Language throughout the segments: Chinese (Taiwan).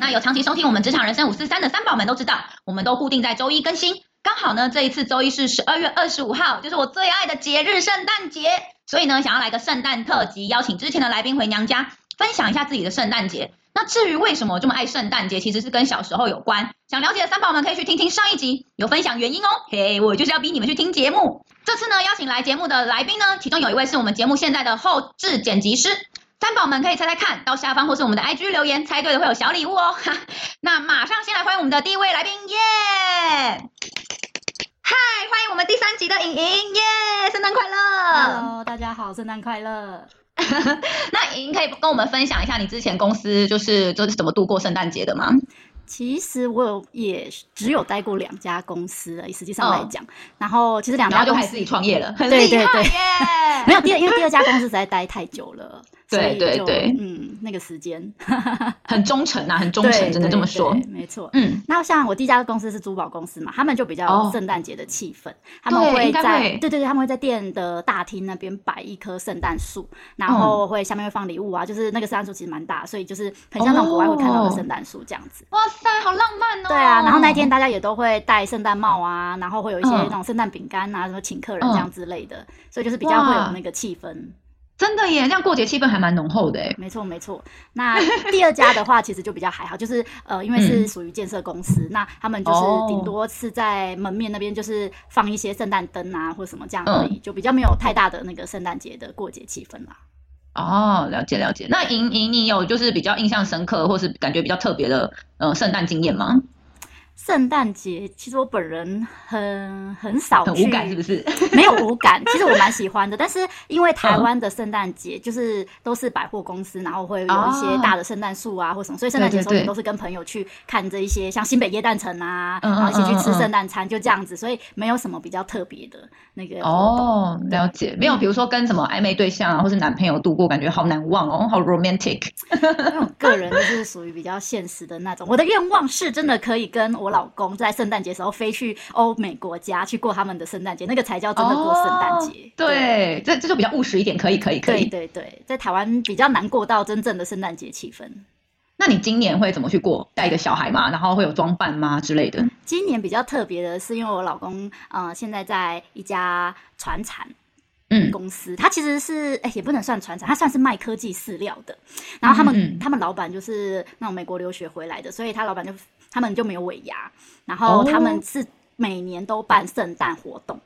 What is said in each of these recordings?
那有長期收聽我們職場人生五四三的三寶們都知道，我們都固定在週一更新。剛好呢，這一次週一是十二月二十五號，就是我最愛的節日——聖誕節。所以呢，想要來個聖誕特輯，邀請之前的來賓回娘家，分享一下自己的聖誕節。那至於為什麼我這麼愛聖誕節，其實是跟小時候有關。想了解的三寶們可以去聽聽上一集，有分享原因哦。嘿，我就是要逼你們去聽節目。這次呢，邀請來節目的來賓呢，其中有一位是我們節目現在的後製剪輯師。三寶們可以猜猜看，到下方或是我們的 IG 留言，猜對了會有小禮物哦。 那馬上先來歡迎我們的第一位來賓，耶！嗨，歡迎我們第三集的 Ying，耶、yeah!！聖誕快樂！Hello，大家好，聖誕快樂！ 那 Ying 可以跟我們分享一下你之前公司就是就是怎麼度過聖誕節的嗎？其實我有也只有待過兩家公司而已，實際上來講、嗯，然後其實兩家都還是自己創業了很厲害，對對對，對，耶！ 沒有第二，因為第二家公司實在待太久了。 所以就對對對，嗯，那個時間 很忠誠吶、啊，很忠誠，只 能這麼說，沒錯。嗯，那像我第一家公司是珠寶公司嘛，他們就比較有聖誕節的氣氛，oh, 他們會在對會對對，他們會在店的大廳那邊擺一棵聖誕樹，然後會下面會放禮物啊，oh. 就是那個聖誕樹其實蠻大，所以就是很像那種國外會看到的聖誕樹這樣子。Oh. 哇塞，好浪漫哦！對啊，然後那一天大家也都會戴聖誕帽啊，然後會有一些那種聖誕餅乾啊，什、oh. 麼請客人這樣之類的，oh. 所以就是比較會有那個氣氛。真的耶，這樣過節氣氛還蠻濃厚的哎。沒錯沒錯，那第二家的話其實就比較還好， 就是呃，因為是屬於建設公司、嗯，那他們就是頂多是在門面那邊就是放一些聖誕燈啊、嗯、或什麼這樣而已，就比較沒有太大的那個聖誕節的過節氣氛啦。哦，了解了解。那瑩瑩，你有就是比較印象深刻或是感覺比較特別的呃，聖誕經驗嗎？聖誕節其實我本人很很少去，無感是不是？ 沒有無感。其實我蠻喜歡的， 但是因為台灣的聖誕節就是都是百貨公司，oh. 然後會有一些大的聖誕樹啊或什麼，所以聖誕節的時候也都是跟朋友去看這一些，oh. 像新北夜誕城啊。對對對，然後一起去吃聖誕餐，uh, uh, uh, uh. 就這樣子，所以沒有什麼比較特別的那個。哦、oh,，了解，沒有，嗯、比如說跟什麼曖昧對象啊，或是男朋友度過，感覺好難忘哦，好 romantic。我 個人就是屬於比較現實的那種， 我的願望是真的可以跟。我老公在聖誕節時候飛去歐美國家去過他們的聖誕節，那個才叫真的過聖誕節。對，這這就比較務實一點，可以，可以，可以，對，在台灣比較難過到真正的聖誕節氣氛。那你今年會怎麼去過？帶一個小孩嗎？然後會有裝扮嗎之類的？今年比較特別的是，因為我老公呃現在在一家傳產，公司、嗯，他其實是、欸、也不能算傳產，他算是賣科技飼料的。然後他們嗯嗯他們老板就是那種美國留學回來的，所以他老板就。他們就沒有尾牙，然後他們是每年都辦聖誕活動，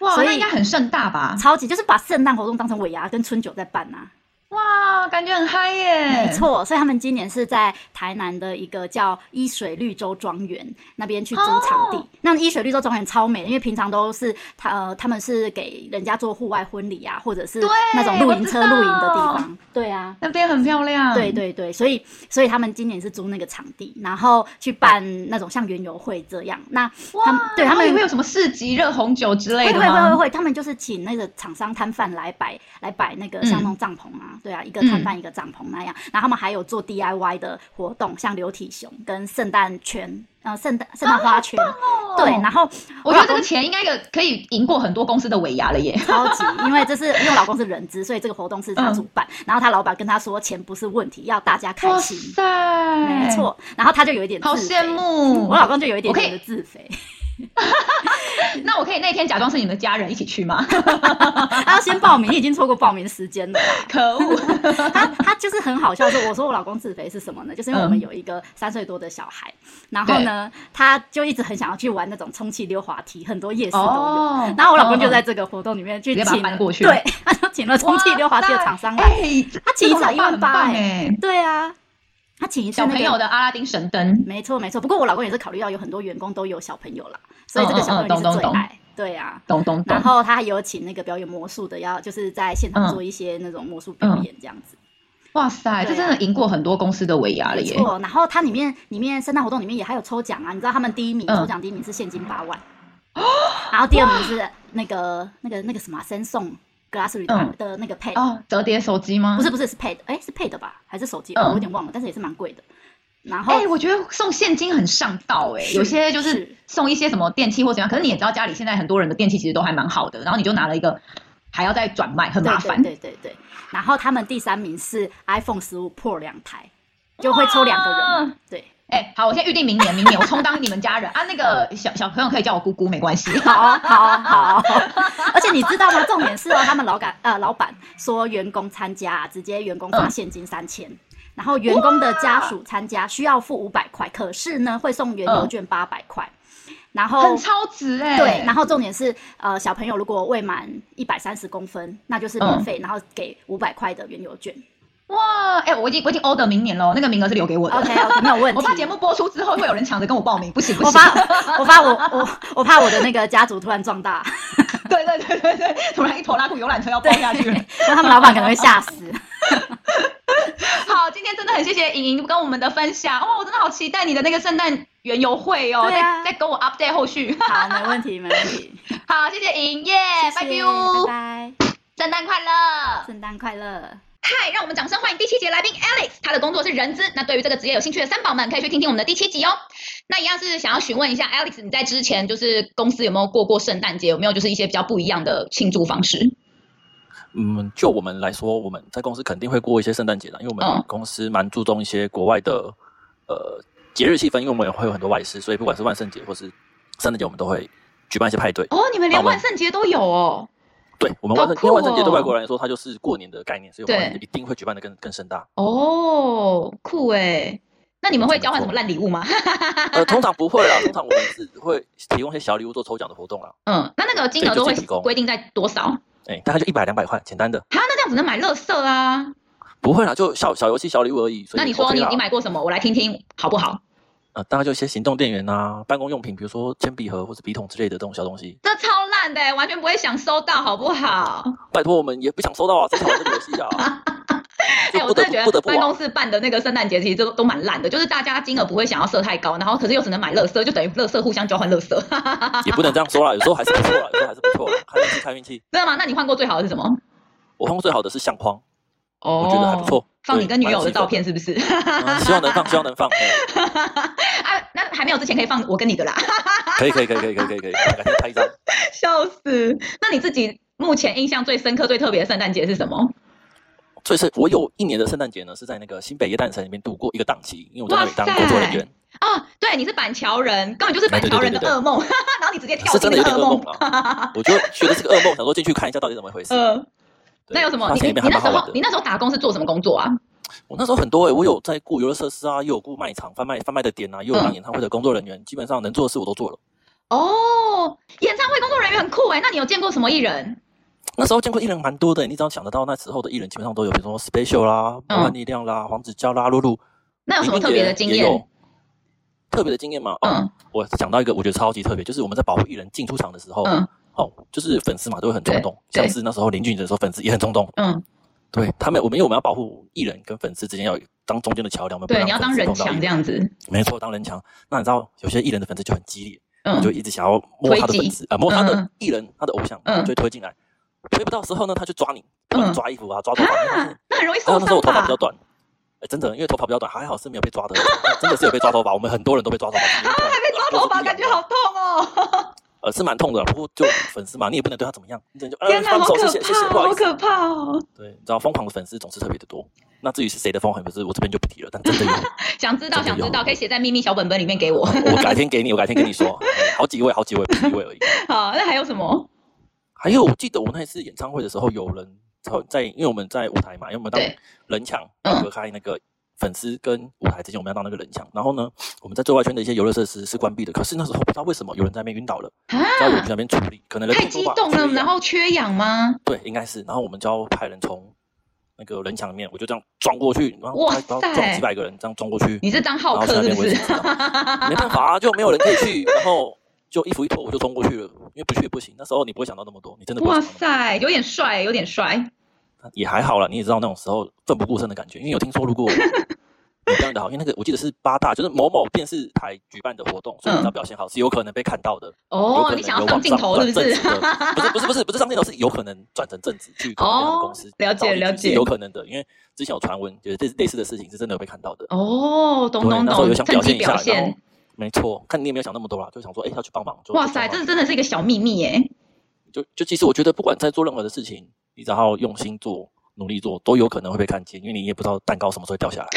哦、哇，所以應該很盛大吧？超級就是把聖誕活動當成尾牙跟春酒在辦吶、啊。哇，感覺很嗨耶！沒錯，所以他們今年是在台南的一個叫伊水綠洲莊園那邊去租場地，哦。那伊水綠洲莊園超美的，因為平常都是他、呃，他們是給人家做戶外婚禮啊，或者是那種露營車露營的地方。對，對啊，那邊很漂亮，嗯。對對對，所以所以他們今年是租那個場地，然後去辦那種像園遊會這樣。那他們對他們會、哦、有什麼市集、熱紅酒之類的？會會會會，他們就是請那個廠商攤販來擺來擺那個像那種帳篷啊。嗯對啊，一個攤販、嗯、一個帳篷那樣，然後他們還有做 DIY 的活動，像流體熊跟聖誕圈，然後聖誕聖誕花圈、啊哦，對，然後我，我覺得這個錢應該可以贏過很多公司的尾牙了耶，超級，因為這是因為我老公是人資，所以這個活動是他主辦，嗯、然後他老闆跟他說錢不是問題，要大家開心，沒錯，然後他就有一點自好羨慕、嗯，我老公就有一點點的自肥。 那我可以那天假裝是你們家人一起去嗎？ 他要先報名， 已經錯過報名時間了。可 惡！他他就是很好笑說，說我說我老公自肥是什麼呢？就是因為我們有一個三歲多的小孩，嗯、然後呢，他就一直很想要去玩那種充氣溜滑梯，很多夜市都有、哦。然後我老公就在這個活動裡面、哦、請過去請，對，他就請了充氣溜滑梯的廠商來，欸、他請了一萬八哎，對啊。他請一小朋友的阿拉丁神燈，沒錯沒錯。不過我老公也是考慮到有很多員工都有小朋友了，所以這個小朋友是最愛，對、哦、呀、哦哦。咚咚，咚，咚，咚、啊、咚，咚，咚，然後他還有請那個表演魔術的，要就是在現場做一些那種魔術表演這樣子。嗯嗯、哇塞、啊，這真的贏過很多公司的尾牙了耶。然後他裡面裡面聖誕活動裡面也還有抽獎啊、嗯，你知道他們第一名抽獎第一名是現金八萬、嗯， 然後第二名是那個那個那個什麼身、啊、送。Samsung Glassry 的那個 Pad 啊、嗯哦，摺疊手機嗎？不是不是，是 Pad，哎、欸、是 Pad 的吧？還是手機、嗯哦？我有點忘了，但是也是蠻貴的。然後誒、欸，我覺得送現金很上道誒、欸。有些就是送一些什麼電器或怎樣，可是你也知道家裡現在很多人的電器其實都還蠻好的，然後你就拿了一個還要再轉賣，很麻煩。對對對，對，對。然後他們第三名是 iPhone 十五 Pro 兩台，就會抽兩個人對。哎、欸，好，我現在預定明年，明年我充當你們家人 啊。那個小小朋友可以叫我姑姑，沒關係。好、啊、好、啊、好、啊，好啊、 而且你知道嗎？重點是他們老闆呃，老闆說員工參加直接員工發現金三千、嗯，然後員工的家屬參加需要付五百塊，可是呢會送原油券八百塊，然後很超值哎、欸。對，然後重點是呃，小朋友如果未滿一百三十公分，那就是免費、嗯，然後給五百塊的原油券。哇，哎、欸，我已經我已經 order 明年嘍，那個名額是留給我的。Okay, OK，沒有問題。我怕節目播出之後會有人搶着跟我報名，不行不行。我怕 我怕我我，我怕我的那個家族突然壯大。對 對對對對，突然一拖拉庫遊覽車要翻下去了， 那他們老板可能會嚇死。 好，今天真的很謝謝瑩瑩跟我們的分享。哇、哦，我真的好期待你的那個聖誕園遊會哦，啊、再在跟我 update 後續。 好，沒問題沒問題。好，謝謝瑩耶，拜、yeah, 拜拜拜，聖誕快樂，聖誕快樂。嗨，讓我們掌聲歡迎第七集來賓 Alex，他的工作是人資。那對於這個職業有興趣的三寶們，可以去聽聽我們的第七集哦。那一樣是想要詢問一下 Alex，你在之前就是公司有沒有過過聖誕節？有沒有就是一些比較不一樣的慶祝方式？嗯，就我們來說，我們在公司肯定會過一些聖誕節的，因為我們公司蠻注重一些國外的、哦、呃節日氣氛，因為我們也會有很多外事，所以不管是萬聖節或是聖誕節，我們都會舉辦一些派對。哦，你們連萬聖節都有哦？對，我們萬聖節、哦、因為萬聖節對外國人來說，它就是過年的概念，所以我們一定會舉辦的更更盛大。哦，酷誒、欸。那你們會交換什麼爛禮物嗎？嗯、 呃，通常不會啦，通常我們只會提供一些小禮物做抽獎的活動啦。嗯，那那個金額都會規定在多少？哎、欸，大概就一百兩百塊，簡單的。哈，那這樣只能買樂色啊？不會啦，就小小遊戲小禮物而已所以，OK。那你說你你買過什麼？我來聽聽好不好，啊？呃，大概就一些行動電源啊，辦公用品，比如說鉛筆盒或者筆筒之類的這種小東西。這超。爛、欸、的，完全不會想收到，好不好？拜託，我們也不想收到啊！是好這好我們遊戲啊 不不、欸、我真的覺得辦公室辦的那個聖誕節其實都都蠻爛的，就是大家金額不會想要設太高，然後可是又只能買樂色，就等於樂色互相交換樂色。 也不能這樣說啦，有時候還是不錯， 有時候還是不錯，還是看運氣。真的嗎？那你換過最好的是什麼？我換過最好的是相框，Oh. 我覺得還不錯。放你跟女友的照片是不是？嗯、希望能放，希望能放。 啊，那還沒有之前可以放我跟你的啦。可 以可以可以可以可以可以。趕、啊、緊拍一張,。 笑死！那你自己目前印象最深刻、最特別的聖誕節是什麼？最、就是，我有一年的聖誕節呢，是在那個新北耶誕城裡面度過一個檔期，因為我在那裡當工作人員啊、哦。對，你是板橋人，根本就是板橋人的噩夢，對對對對對對 然後你直接跳進了那個噩夢。的噩啊、 我覺得覺得是個噩夢， 想說進去看一下到底怎麼回事。呃那有什麼？你你那時候你那時候打工是做什麼工作啊？我、哦、那時候很多哎、欸，我有在顧遊樂設施啊，又有顧賣場販賣販賣的點啊，又有當演唱會的工作人員、嗯，基本上能做的事我都做了。哦，演唱會工作人員很酷哎、欸！那你有見過什麼藝人？那時候見過藝人蠻多的、欸，你只要想得到，那時候的藝人基本上都有，比如說 Special 啦、啊、魔幻力量啦、啊嗯、黃子佼啦、露露。那有什麼特別的經驗？特別的經驗嗎、哦、嗯，我想到一個，我覺得超級特別，就是我們在保護藝人進出場的時候。嗯哦，就是粉絲嘛，都會很衝動，像是那時候林俊杰說，粉絲也很衝動。嗯，對他們，我們因為我們要保護藝人跟粉絲之間要當中間的橋樑嘛。對，你要當人牆這樣子。沒錯，當人牆。那你知道有些藝人的粉絲就很激烈，嗯、你就一直想要摸他的粉絲，啊、呃，摸他的藝人，嗯、他的藝人，他的偶像，嗯、就會推進來，推不到時候呢，他去抓你，嗯、你抓衣服啊抓，啊，抓頭髮、啊。那很容易受傷、哦、那時候我頭髮比較短，哎、啊，真的，因為頭髮比較短，還好是沒有被抓的。 真的是有被抓頭髮， 我們很多人都被抓頭髮。啊，還被抓頭髮，感覺好痛哦。呃，是蠻痛的，不過就粉絲嘛，你也不能對他怎麼樣。你真的就天哪、呃、好可怕謝謝謝謝好，好可怕哦！對，你知道瘋狂的粉絲總是特別的多。那至於是誰的瘋狂，粉絲，我這邊就不提了。但真的有 想知道，想知道可以寫在秘密小本本裡面給我。呃、我改天給你，我改天跟你說。 嗯、好幾位，好幾位，好幾位而已。 好，那還有什麼？還有，我記得我那次演唱會的時候，有人在，因為我們在舞台嘛，因為我們當人牆隔開那個。嗯粉絲跟舞台之間，我們要當那個人牆。然後呢，我們在最外圈的一些遊樂設施是關閉的。可是那時候不知道為什麼有人在那邊暈倒了，在我們那邊處理，可能人太激動了，然後缺氧嗎？對，應該是。然後我們就要派人從那個人牆裡面，我就這樣撞過去，然後，哇塞然後撞幾百個人這樣撞過去。你是當浩克是不是 ？沒辦法啊，就沒有人可以去，然後就衣服一脫我就衝過去了， 因為不去也不行。那時候你不會想到那麼多，你真的不會。哇塞，有點帥，有點帥。也還好了，你也知道那種時候奮不顧身的感覺，因為有聽說，如果表現的好， 因為那個我記得是八大，就是某某電視台舉辦的活動，所以你要表現好，嗯、是有可能被看到的。哦，你想要上鏡頭是不是？ 不是不是不是不是，不是上鏡頭，是有可能轉成正職，去可能公司、哦、去了解了解，是有可能的。因為之前有傳聞，就是類類似的事情是真的有被看到的。哦，懂懂，然後有想表現一下，沒錯，看你也沒有想那麼多啦，就想說，哎、欸，要去幫忙。哇塞，這真的是一個小秘密耶！就就其實我覺得，不管在做任何的事情。你只要用心做，努力做，都有可能會被看見，因為你也不知道蛋糕什麼時候會掉下來。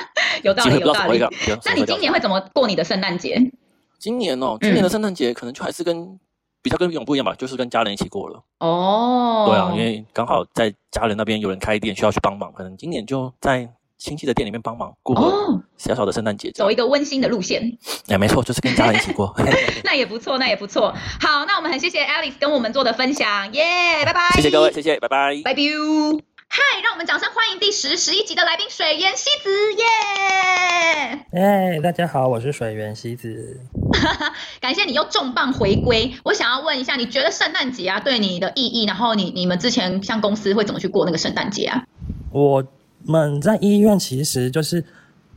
有道理，機會不知道會，有道理。那你今年會怎麼過你的聖誕節？嗯、今年哦，今年的聖誕節可能就還是跟、嗯、比較跟往不一樣吧，就是跟家人一起過了。哦、oh，對啊，因為剛好在家人那邊有人開店需要去幫忙，可能今年就在。親戚的店裡面幫忙，過哦小小的聖誕節，走一個溫馨的路線。哎、嗯，沒錯，就是跟家人一起過。 那也不錯，那也不錯。好，那我們很謝謝 Alice 跟我們做的分享，耶，拜拜。謝謝各位，謝謝，拜拜，Bye bye 嗨，bye -bye. Hi, 讓我們掌聲歡迎第十、十一集的來賓水螈吸籽，耶！哎，大家好，我是水螈吸籽。 感謝你又重磅回歸。我想要問一下，你覺得聖誕節啊對你的意義？然後你你們之前像公司會怎麼去過那個聖誕節啊？我。我們在醫院其實就是，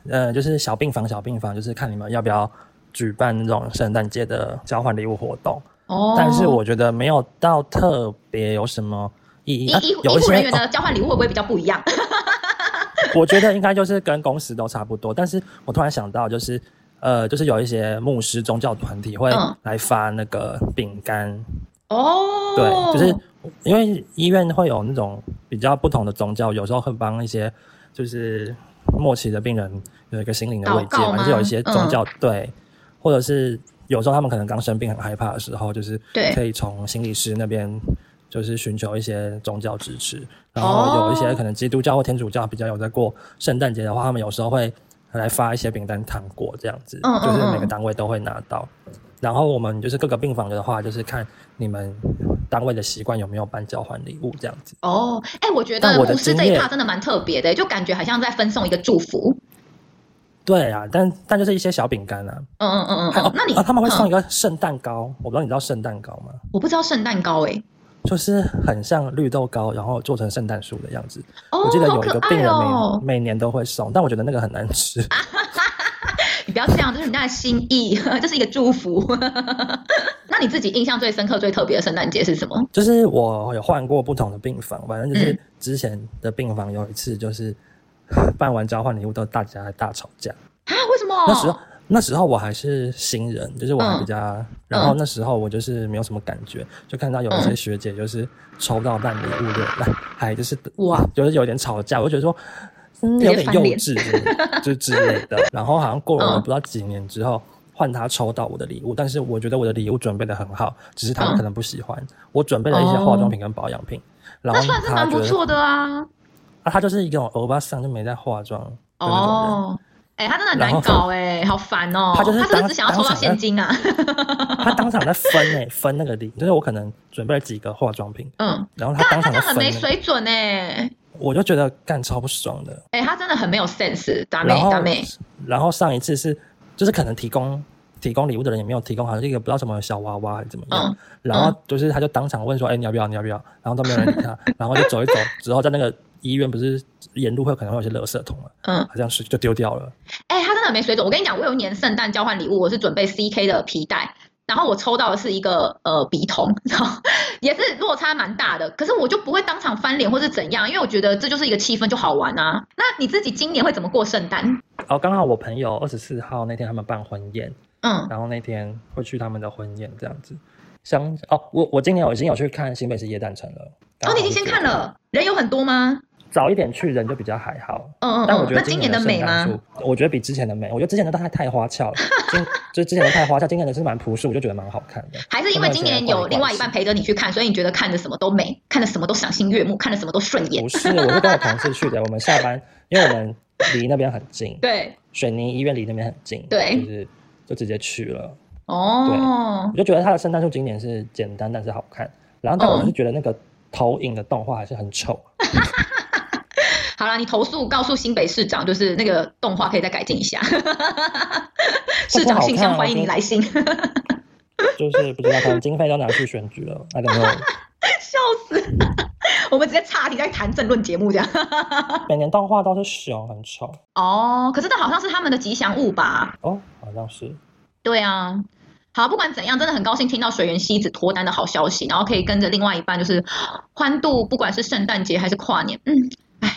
呃，就是小病房，小病房，就是看你們要不要舉辦那種聖誕節的交換禮物活動。哦、oh.，但是我覺得沒有到特別有什麼意義。醫、啊、醫護人，人員的交換禮物會不會比較不一樣？ 我覺得應該就是跟公司都差不多。但是我突然想到，就是呃，就是有一些牧師、宗教團體會來發那個餅乾。哦、oh.，對，就是。因為醫院會有那種比較不同的宗教，有時候會幫一些就是末期的病人有一個心靈的慰藉，嘛。就有一些宗教對、嗯，或者是有時候他們可能剛生病很害怕的時候，就是可以從心理師那邊就是尋求一些宗教支持，然後有一些可能基督教或天主教比較有在過聖誕節的話，他們有時候會來發一些餅乾、糖果這樣子嗯嗯嗯，就是每個單位都會拿到。然後我們就是各個病房的話，就是看你們。單位的習慣有沒有辦交換禮物這樣子？哦，哎、欸，我覺得廚是這一趴真的蠻特別的，就感覺好像在分送一個祝福。對啊，但但就是一些小餅乾啊。嗯嗯嗯、啊、嗯，那你、啊嗯、他們會送一個聖誕糕、嗯，我不知道你知道聖誕糕嗎？我不知道聖誕糕哎、欸，就是很像綠豆糕，然後做成聖誕樹的樣子、哦、好可愛哦。我記得有一個病人每、哦、每年都會送，但我覺得那個很難吃。啊不要這樣，這是你的心意，這是一個祝福。 那你自己印象最深刻，最特別的聖誕節是什麼？就是我有換過不同的病房，反正就是之前的病房有一次就是辦完交換禮物都大家大吵架。啊？為什麼？那時候那時候我還是新人，就是我還比較、嗯，然後那時候我就是沒有什麼感覺，就看到有一些學姐就是抽到辦禮物的，嗯、還就是哇，就是有點吵架，我就覺得說。嗯、有點幼稚， 就之類的。然後好像過了不到幾年之後，換、嗯、他抽到我的禮物，但是我覺得我的禮物準備得很好，只是他們可能不喜歡、嗯。我準備了一些化妝品跟保養品、哦，然後他覺得，那算是蠻不錯的啊。那、啊、他就是一種歐巴桑，就沒在化妝。哦、欸，他真的很難搞哎、欸，好煩哦、喔。他就是他只是想要抽到現金啊。 他當場在分呢，分那個禮，就是我可能準備了幾個化妝品，嗯，然後他當時、那個嗯、很沒水準哎、欸。我就覺得幹超不爽的。哎、欸，他真的很沒有 sense，達咩達咩。然後上一次是，就是可能提供提供禮物的人也沒有提供好，好像是一個不知道什麼小娃娃還是怎麼樣、嗯。然後就是他就當場問說，哎、嗯欸，你要不要，你要不要？然後都沒有人理他， 然後就走一走。之後在那個醫院不是沿路會有可能會有些垃圾桶嘛，嗯，好像是就丟掉了。哎、欸，他真的沒水準。我跟你講，我有一年聖誕交換禮物，我是準備 CK 的皮帶。然後我抽到的是一個呃筆筒，鼻然後也是落差蠻大的。可是我就不會當場翻臉或是怎樣，因為我覺得這就是一個氣氛就好玩啊。那你自己今年會怎麼過聖誕？哦，剛好我朋友二十四號那天他們辦婚宴，嗯，然後那天會去他們的婚宴這樣子。想，哦，我我今年我已經有去看新北市耶誕城了。哦，你已經先看了？人有很多嗎？早一點去人就比較還好，oh, 但我覺得今年,、哦、今年的美嗎？我覺得比之前的美。我覺得之前的太太花俏了 今，就之前的太花俏，今年的是蠻樸素，我就覺得蠻好看的。還是因為今年有另外一半陪着你去看，所以你覺得看着什麼都美， 看着什麼都賞心悅目，看着什麼都順眼。不是，我是跟我同事去的，我們下班， 因為我們離那邊很近，對，水泥醫院離那邊很近，對，就是就直接去了。哦、oh.，對，我就覺得他的聖誕樹今年是簡單但是好看，然後但我是覺得那個投影的動畫還是很醜。Oh. 好了，你投訴告訴新北市長，就是那個動畫可以再改進一下。市長信箱、啊、歡迎你來信。 就是不知道他們經費都拿去選舉了，來都沒有。笑死！我們直接岔題在談政論節目這樣。 每年動畫都是熊，很醜。哦、oh，可是這好像是他們的吉祥物吧？哦、oh，好像是。對啊。好，不管怎樣，真的很高興聽到水螈吸籽脫單的好消息，然後可以跟着另外一半，就是歡度，不管是聖誕節還是跨年，嗯。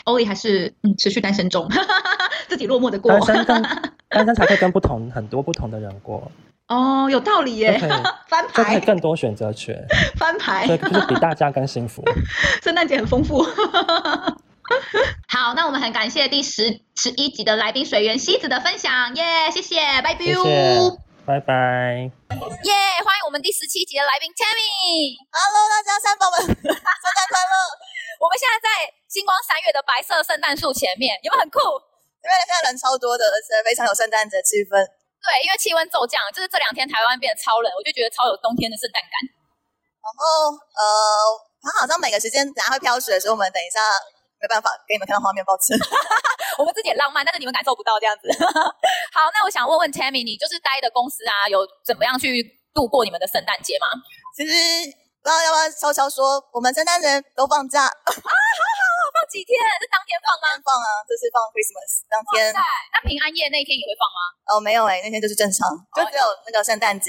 Oli 還是嗯，持續單身中，自己落寞的過。單身單身才會跟不同 很多不同的人過。哦、oh,，有道理耶， 翻牌，更多選擇權， 翻牌，所以就是比大家更幸福。聖誕節很豐富。 好，那我們很感謝第十十一集的來賓水螈吸籽的分享，耶、yeah,，謝謝，拜 拜。Biu 拜拜！耶、yeah,，歡迎我們第十七集的來賓 Tammy Hello，大家三寶們，聖誕快樂！ 我們現在在新光三越的白色聖誕樹前面，有沒有很酷？因為現在人超多的，而且非常有聖誕節氣氛。對，因為氣溫驟降，就是這兩天台灣變得超冷，我就覺得超有冬天的聖誕感。然後呃，它好像每個時間等下會飄雪，所以我們等一下。沒辦法，給你們看到畫面包吃。 我們自己也浪漫，但是你們感受不到這樣子。 好，那我想問問 Tammy，你就是待的公司啊，有怎麼樣去度過你們的聖誕節嗎？其實，不知道要不要悄悄說，我們聖誕節都放假啊？好好，放幾天？是當天放嗎？當天放啊，這是放 Christmas 當天。那平安夜那一天也會放嗎？哦，沒有誒、欸、那天就是正常，就只有那個聖誕節，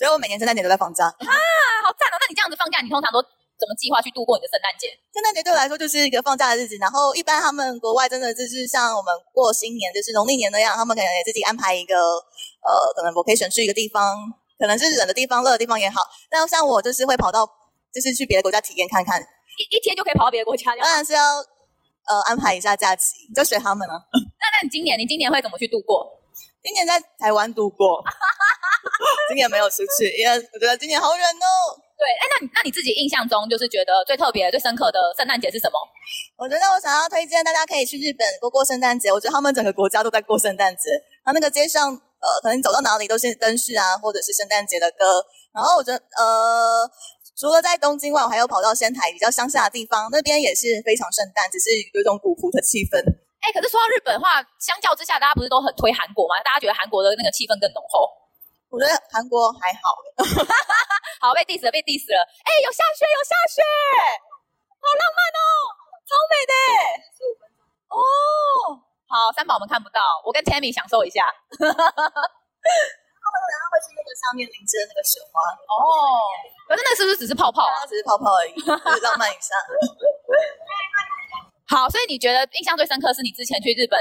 所以我每年聖誕節都在放假。啊，好讚哦！那你這樣子放假，你通常都？怎麼計劃去度過你的聖誕節？聖誕節對我來說就是一個放假的日子。然後一般他們國外真的就是像我們過新年，就是農曆年那樣，他們可能給自己安排一個呃，可能 vacation 去一個地方，可能是冷的地方、熱的地方也好。那像我就是會跑到，就是去別的國家體驗看看，一一天就可以跑到別的國家。當然是要呃安排一下假期，就隨他們了、啊。 那那你今年，你今年會怎麼去度過？今年在台灣度過， 今年沒有出去，因為我覺得今年好冷哦。對、欸，那你那你自己印象中就是覺得最特別、最深刻的聖誕節是什麼？我覺得我想要推薦大家可以去日本過過聖誕節。我覺得他們整個國家都在過聖誕節，他那個街上，呃，可能走到哪裡都是燈飾啊，或者是聖誕節的歌。然後我覺得，呃，除了在東京外，我還有跑到仙台比較鄉下的地方，那邊也是非常聖誕，只是有一種古樸的氣氛。哎、欸，可是說到日本的話，相較之下，大家不是都很推韓國嗎？大家覺得韓國的那個氣氛更濃厚？我覺得韓國還好, 好，好被 diss 了，被 diss 了。哎、欸，有下雪，有下雪，好浪漫哦，好美呢。十五分鐘。哦，好，三寶我們看不到，我跟 Tammy 享受一下。 他們等下會去那個上面淋那個雪花。哦，可是那是不是只是泡泡啊？只是泡泡而已，就是、浪漫一下。 好，所以你覺得印象最深刻是你之前去日本。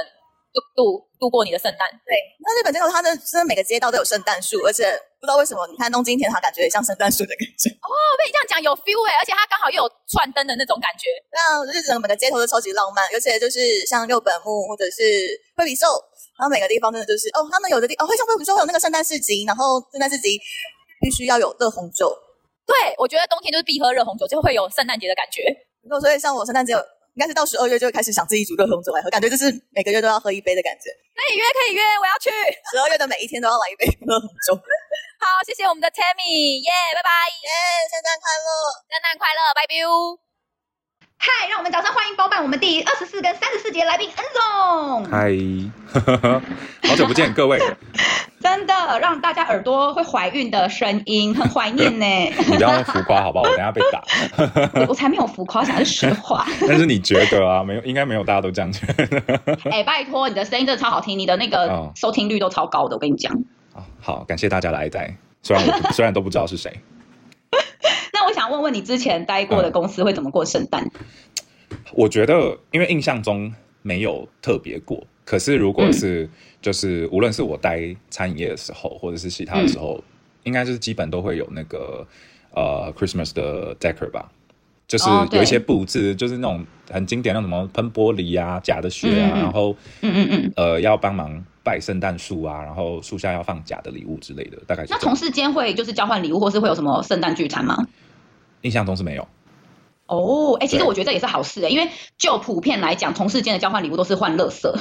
度度過你的聖誕，對。那日本街頭它，它的真的每個街道都有聖誕樹，而且不知道為什麼，你看東京鐵塔，感覺也像聖誕樹的感覺。哦，被你這樣講有 feel 哎、欸，而且它剛好又有串燈的那種感覺。那日本每個街頭都超級浪漫，而且就是像六本木或者是惠比壽，然後每個地方真的就是哦，他們有的地哦，像會像惠比壽有那個聖誕市集，然後聖誕市集必須要有熱紅酒。對，我覺得冬天就是必喝熱紅酒，就會有聖誕節的感覺。那所以像我聖誕節有。應該是到十二月就會開始想自己煮熱紅酒來喝，感覺就是每個月都要喝一杯的感覺。可以約，可以約，我要去。十 二月的每一天都要來一杯熱紅酒。 好，謝謝我們的 Tammy，耶，拜、yeah, 拜。耶、yeah，聖誕快樂！聖誕快樂，Bye y 嗨，讓我們掌聲歡迎包辦我們第二十四跟三十四集來賓 Enzo。嗨， 好久不見，各位。 真的讓大家耳朵會懷孕的聲音，很懷念呢。你 不要用浮誇好不好？我等下被打、 欸。我才沒有浮誇，講實話。 但是你覺得啊，沒有，應該沒有，大家都這樣覺得。哎、 欸，拜託，你的聲音真的超好聽，你的那個收聽率都超高的，我跟你講、哦哦。好，感謝大家的愛戴，雖然我雖然都不知道是誰。 那我想問問你之前待過的公司會怎麼過聖誕？嗯？我覺得，因為印象中沒有特別過。可是如果是，嗯、就是無論是我待餐飲業的時候，或者是其他的時候，嗯、應該就是基本都會有那個呃 Christmas 的 decor 吧，就是有一些佈置，哦、就是那種很經典那種什麼噴玻璃啊、假的雪啊，嗯嗯然後嗯嗯嗯，呃要幫忙擺聖誕樹啊，然後樹下要放假的禮物之類的。大概那同事間會就是交換禮物，或是會有什麼聖誕聚餐嗎？印象中是沒有，哦，哎，其實我覺得這也是好事的，因為就普遍來講，同事間的交換禮物都是換樂色。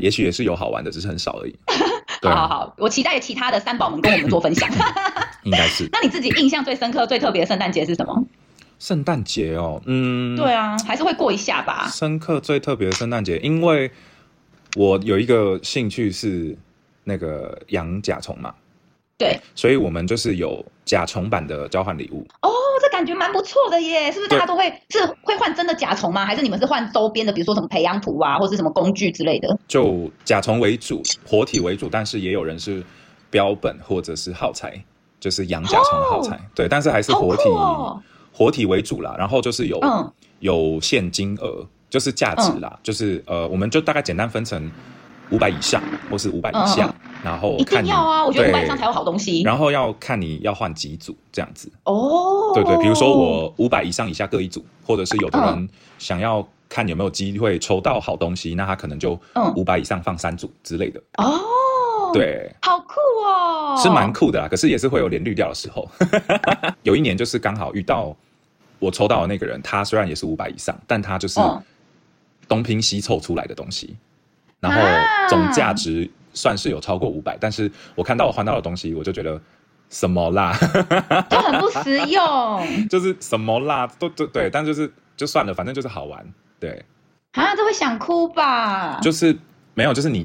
也許也是有好玩的，只是很少而已。 好，好好，我期待其他的三寶們跟我們做分享。 應該是。 那你自己印象最深刻、最特別的聖誕節是什麼？聖誕節哦，嗯，對啊，還是會過一下吧。深刻、最特別的聖誕節，因為我有一個興趣是那個養甲蟲嘛。對，所以我們就是有甲蟲版的交換禮物哦，這感覺蠻不錯的耶，是不是？大家都會是會換真的甲蟲嗎？還是你們是換周邊的，比如說什麼培養土啊，或是什麼工具之類的？就甲蟲為主，活體為主，但是也有人是標本或者是耗材，就是養甲蟲的耗材、哦。對，但是還是活體、哦、活體為主啦。然後就是有、嗯、有限金額，就是價值啦，嗯、就是呃，我們就大概簡單分成。五百以上，或是五百以下，嗯，然後看一定要啊！我覺得五百以上才有好東西。然後要看你要換幾組這樣子哦。對對，比如說我五百以上，以下各一組，或者是有的人想要看有沒有機會抽到好東西，嗯、那他可能就五百以上放三組，嗯、之類的。哦，對，好酷哦，是蠻酷的啦。可是也是會有連綠掉的時候。 有一年就是剛好遇到我抽到的那個人，他雖然也是五百以上，但他就是東拼西湊出來的東西。嗯然後總價值算是有超過五百、啊，但是我看到我換到的東西，我就覺得什麼啦，都很不實用 ，就是什麼啦，都對，但就是就算了，反正就是好玩，對，好像、啊、都會想哭吧？就是沒有，就是你，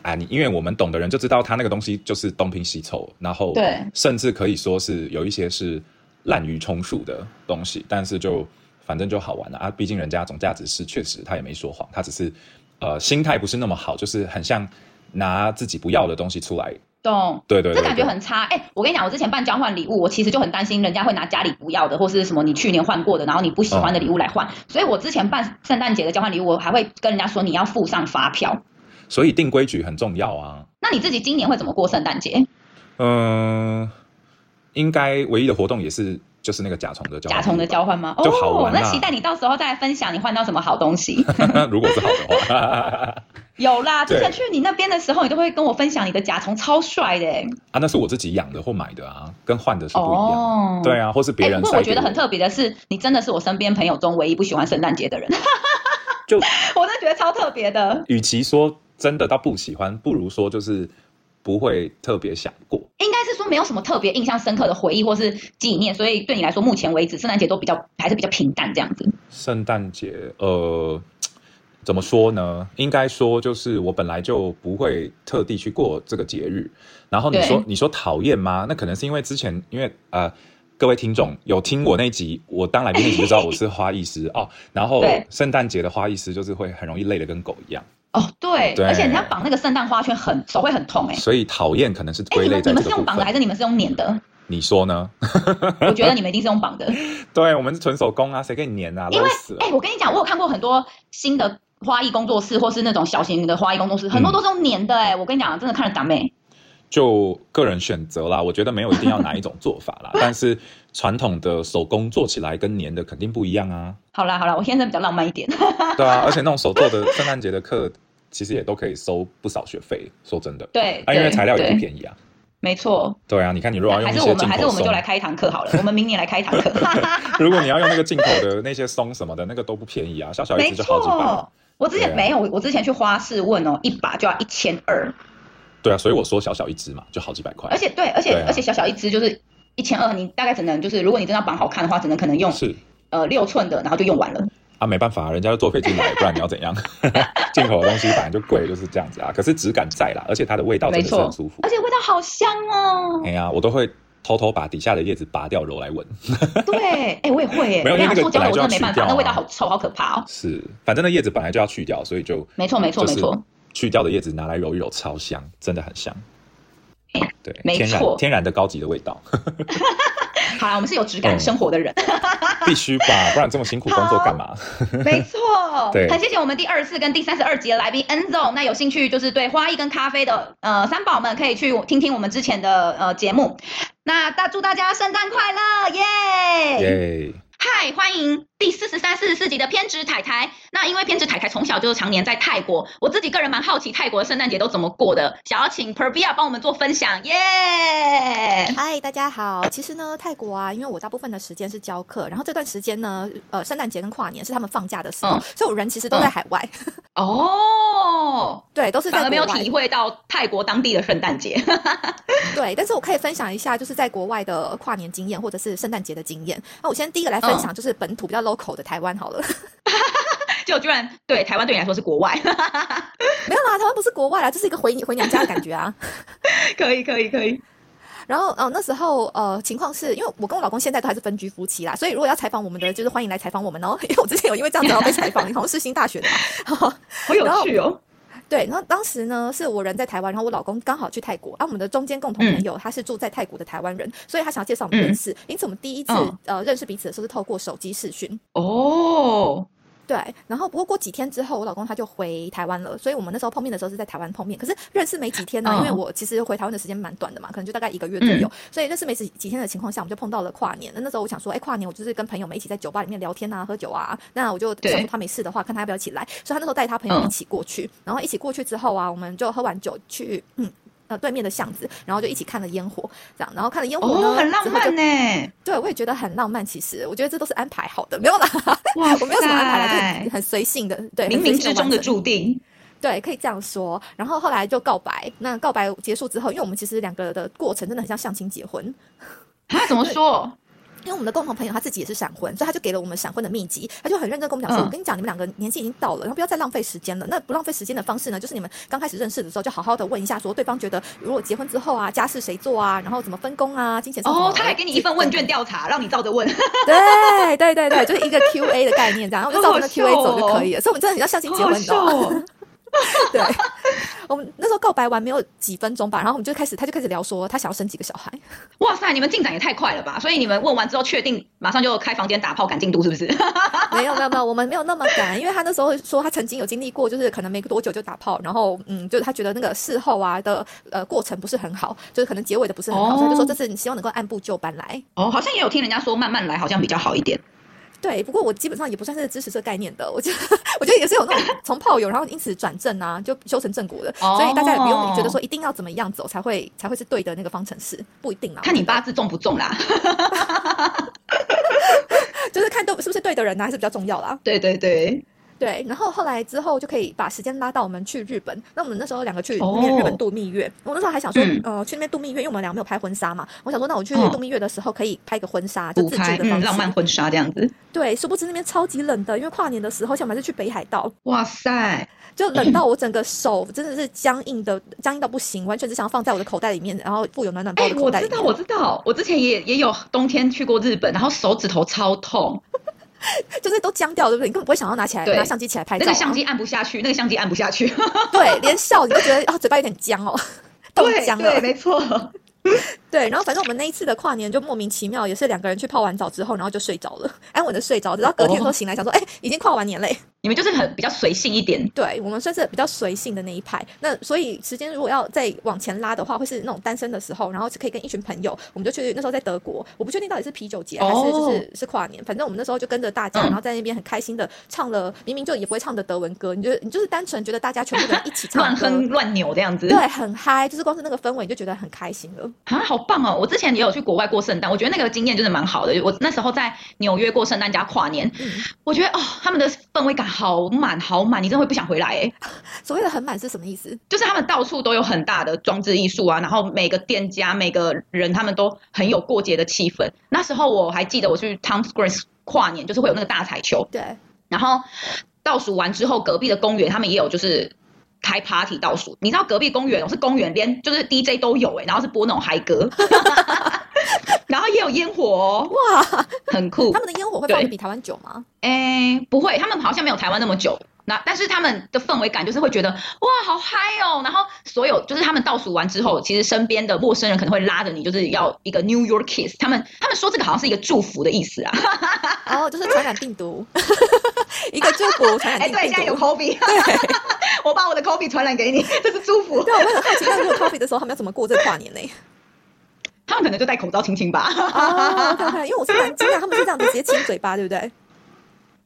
啊、哎，你因為我們懂的人就知道他那個東西就是東拼西湊，然後甚至可以說是有一些是濫竽充數的東西，但是就反正就好玩了啊，畢竟人家總價值是確實，他也沒說謊，他只是。呃，心態不是那麼好，就是很像拿自己不要的東西出來，懂，對對對，對，這感覺很差。哎、欸，我跟你講，我之前辦交換禮物，我其實就很擔心人家會拿家裡不要的，或是什麼你去年換過的，然後你不喜歡的禮物來換、哦。所以我之前辦聖誕節的交換禮物，我還會跟人家說你要附上發票。所以定規矩很重要啊。那你自己今年會怎麼過聖誕節？嗯、呃，應該唯一的活動也是。就是那個甲蟲的交換嗎？就好玩。啊？哦，那期待你到時候再來分享你換到什麼好東西。 如果是好的話， 有啦。之前去你那邊的時候，你都會跟我分享你的甲蟲超帥的。哎，啊，那是我自己養的或買的啊，跟換的是不一樣。哦。對啊，或是別人。不、欸、過我覺得很特別的是，你真的是我身邊朋友中唯一不喜歡聖誕節的人。 就，我都覺得超特別的。與其說真的倒不喜歡，不如說就是。不會特別想過，應該是說沒有什麼特別印象深刻的回憶或是紀念，所以對你來說，目前為止聖誕節都比較還是比較平淡這樣子。聖誕節，呃，怎麼說呢？應該說就是我本來就不會特地去過這個節日。然後你說你說討厭嗎？那可能是因為之前因為呃，各位聽眾有聽我那集，我當來賓那集的時候我是花藝師 哦，然後聖誕節的花藝師就是會很容易累得跟狗一樣。哦、oh,，對，而且你要綁那個聖誕花圈很，很手會很痛哎、欸。所以討厭可能是歸類的。你們你們是用綁的還是你們是用粘的？你說呢？ 我覺得你們一定是用綁的。 對，我們是純手工啊，誰給你粘啊？因為累死了。哎，我跟你講，我有看過很多新的花藝工作室，或是那種小型的花藝工作室、嗯，很多都是用粘的、欸。哎，我跟你講，真的看着打妹。就個人選擇啦，我覺得沒有一定要哪一種做法啦。 但是傳統的手工做起來跟粘的肯定不一樣啊。好啦好啦，我現在比較浪漫一點。 對啊，而且那種手做的聖誕節的課。其實也都可以收不少學費，說真的。對，對啊，因為材料也不便宜啊。沒錯。對啊，你看你如果要用，還是我們，還是我們就來開一堂課好了。 我們明年來開一堂課。 如果你要用那個進口的那些松什麼的，那個都不便宜啊。小小一隻就好幾百，啊。我之前沒有，我之前去花市問哦，一把就要一千二。對啊，所以我說小小一隻嘛，就好幾百塊。而且對，而且，啊，而且小小一隻就是一千二，你大概只能就是，如果你真的要綁好看的話，只能可能用是呃六寸的，然後就用完了。啊，沒辦法、啊、人家要坐飛機來，不然你要怎樣？進 口的東西本來就貴， 就是這樣子啊。可是質感在啦，而且它的味道真的是很舒服，而且味道好香哦。哎呀，我都會偷偷把底下的葉子拔掉揉來聞。對，哎、欸，我也會哎， 沒有說那個、啊、我真的沒辦法，那味道好臭，好可怕哦。是，反正那葉子本來就要去掉，所以就沒錯、啊、沒錯沒錯，就是、去掉的葉子拿來揉一揉、嗯、揉一揉，超香，真的很香。對，沒錯，天然的高級的味道。 好、啊，我們是有質感生活的人， 嗯、必須吧，不然這麼辛苦工作幹嘛？ 沒錯， 對，很謝謝我們第二十四跟第三十二集的來賓 Enzo。那有興趣就是對花藝跟咖啡的呃三寶們，可以去聽聽我們之前的呃節目。那大祝大家聖誕快樂，耶！耶！嗨，歡迎。第四十三、四十四集的偏職泰泰。那因為偏職泰泰從小就是常年在泰國，我自己個人蠻好奇泰國的聖誕節都怎麼過的，想要請 Pervia 幫我們做分享耶。嗨、yeah!，大家好。其實呢，泰國啊，因為我大部分的時間是教課，然後這段時間呢，呃，聖誕節跟跨年是他們放假的時候，嗯、所以我人其實都在海外。嗯、 哦，對，都是在國外，反而沒有體會到泰國當地的聖誕節。 對，但是我可以分享一下，就是在國外的跨年經驗或者是聖誕節的經驗。那我先第一個來分享、嗯，就是本土比較 low。口的台灣好了 就居然，對台灣對你來說是國外 ，沒有啦，台灣不是國外啦，這、就是一個回回娘家的感覺啊 可！可以可以可以。然後哦、呃，那時候呃，情況是因為我跟我老公現在都還是分居夫妻啦，所以如果要採訪我們的，就是歡迎來採訪我們哦、喔。因為我之前有因為這樣子要被採訪，好像 是新大學的 好，好有趣哦。 對，然後當時呢，是我人在台灣，然後我老公剛好去泰國，啊，我們的中間共同朋友他是住在泰國的台灣人，嗯，所以他想要介紹我們認識，嗯，因此我們第一次，哦，呃認識彼此的時候是透過手機視訊哦。對，然後不過過幾天之後，我老公他就回台灣了，所以我們那時候碰面的時候是在台灣碰面。可是認識沒幾天呢，啊，因為我其實回台灣的時間蠻短的嘛，可能就大概一個月左右。嗯，所以認識沒幾幾天的情況下，我們就碰到了跨年。那那時候我想說，誒，跨年我就是跟朋友們一起在酒吧裡面聊天啊，喝酒啊。那我就想說他沒事的話，看他要不要一起來。所以他那時候帶他朋友一起過去，嗯，然後一起過去之後啊，我們就喝完酒去嗯。對面的巷子，然後就一起看了煙火，這樣，然後看了煙火。哦，很浪漫呢。對，我也覺得很浪漫。其實我覺得這都是安排好的。沒有啦。哇， 我沒有什麼安排的就很、很隨性的。對，冥冥之中的注定。對，可以這樣說。然後後來就告白，那告白結束之後，因為我們其實兩個的過程真的很像相親結婚。他，啊，怎麼說？ 因為我們的共同朋友他自己也是閃婚，所以他就給了我們閃婚的秘籍。他就很認真跟我們講說、嗯：“我跟你講，你們兩個年紀已經到了，然後不要再浪費時間了。那不浪費時間的方式呢，就是你們剛開始認識的時候，就好好的問一下說，說對方覺得如果結婚之後啊，家事誰做啊，然後怎麼分工啊，金錢什麼哦，他還給你一份問卷調查，嗯、讓你照着問。 對對對對，就是一個 Q A 的概念這樣，然後就照着 Q A 走就可以了。哦、所以我們真的要相信結婚的、哦。 ” 對，我們那時候告白完沒有幾分鐘吧，然後我們就開始，他就開始聊說他想要生幾個小孩。哇塞，你們進展也太快了吧！所以你們問完之後，確定馬上就開房間打炮趕進度是不是？ 沒有沒有沒有，我們沒有那麼趕，因為他那時候說他曾經有經歷過，就是可能沒多久就打炮，然後嗯，就是他覺得那個事後啊的呃過程不是很好，就是可能結尾的不是很好，哦、所以他就說這次你希望能夠按部就班來。哦，好像也有聽人家說慢慢來好像比較好一點。對，不過我基本上也不算是支持這個概念的，我覺得我覺得也是有那種從炮友，然後因此轉正啊，就修成正果的，oh. 所以大家也不用覺得說一定要怎麼樣走，才會才會是對的那個方程式，不一定啊。看你八字重不重啦， 就是看對是不是對的人呢、啊，還是比較重要啦、啊。對對對。對，然後後來之後就可以把時間拉到我們去日本。那我們那時候兩個去日本度蜜月，哦，我那時候還想說，嗯，呃，去那邊度蜜月，因為我們兩個沒有拍婚紗嘛。我想說，那我去那邊度蜜月的時候，可以拍個婚紗，拍就自拍的、嗯、浪漫婚紗這樣子。對，殊不知那邊超級冷的，因為跨年的時候，像我們還是去北海道，哇塞，就冷到我整個手真的是僵硬的，嗯、僵硬到不行，完全只想要放在我的口袋裡面，然後附有暖暖包的口袋。哎，我知道，我知道，我之前也也有冬天去過日本，然後手指頭超痛。 就是都僵掉，對不對？你根本不會想要拿起來，對拿相機起來拍照，啊。那個相機按不下去，那個相機按不下去。 對，連笑你都覺得啊，哦，嘴巴有點僵哦，都僵了，對對沒錯。 對，然後反正我們那一次的跨年就莫名其妙，也是兩個人去泡完澡之後，然後就睡着了，安穩的睡着，直到隔天的時候醒來，想說，哎、oh.，已經跨完年嘞。你們就是很比較隨性一點，對，我們算是比較隨性的那一派。那所以時間如果要再往前拉的話，會是那種單身的時候，然後就可以跟一群朋友，我們就去那時候在德國，我不確定到底是啤酒節還是就是是跨年，oh. 反正我們那時候就跟着大家，嗯、然後在那邊很開心的唱了明明就也不會唱的德文歌，你就你就是單純覺得大家全部人一起唱 亂哼亂扭這樣子，對，很嗨，就是光是那個氛圍你就覺得很開心了啊，好。棒哦！我之前也有去國外過聖誕，我覺得那個經驗真的蠻好的。我那時候在紐約過聖誕加跨年，嗯、我覺得哦，他們的氛圍感好滿好滿，你真的會不想回來哎。所謂的很滿是什麼意思？就是他們到處都有很大的裝置藝術啊，然後每個店家每個人他們都很有過節的氣氛。那時候我還記得我去 Times Square 跨年，就是會有那個大彩球。對。然後倒數完之後，隔壁的公園他們也有就是。開 party 倒數，你知道隔壁公園，我是公園邊，就是 DJ 都有誒、欸，然後是播那種嗨歌。 然後也有煙火、哦，哇，很酷。他們的煙火會放比台灣久嗎？哎、欸，不會，他們好像沒有台灣那麼久。那但是他們的氛圍感就是會覺得，哇，好嗨哦。然後所有就是他們倒數完之後，其實身邊的陌生人可能會拉着你，就是要一個 New York kiss。他們他們說這個好像是一個祝福的意思啊。然、哦、後就是傳染病毒， 一個祝福傳染病毒。哎、欸，對，現在有 Covid， 我把我的 Covid 傳染給你， 這是祝福。對，我會很好奇，沒 過 Covid 的時候，他們要怎麼過這跨年呢？他們可能就戴口罩親親吧、哦，因為我是男的啊， 他們是這樣子直接親嘴巴，對不對？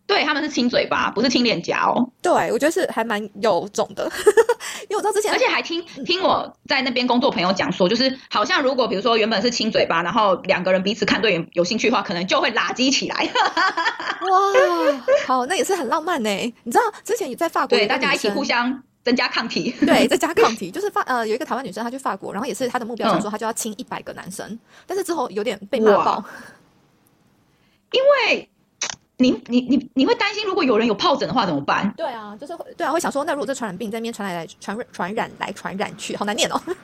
對，他們是親嘴巴，不是親臉頰哦。對，我覺得是還蠻有種的， 因為我知道之前而且還聽聽我在那邊工作朋友講說、嗯，就是好像如果比如說原本是親嘴巴，然後兩個人彼此看對眼有興趣的話，可能就會喇舌起來。哇、 哦，好，那也是很浪漫呢。你知道之前也在法國。對，對，大家一起互相。增加抗體，對，增加抗體 就是法呃，有一個台灣女生她去法國，然後也是她的目標想說她就要親一百個男生，嗯，但是之後有點被罵爆，因為你你你你會擔心如果有人有疱疹的話怎麼辦？對啊，就是會對啊會想說那如果這傳染病在那邊傳，來傳，傳染來傳染傳染來傳染去，好難念哦。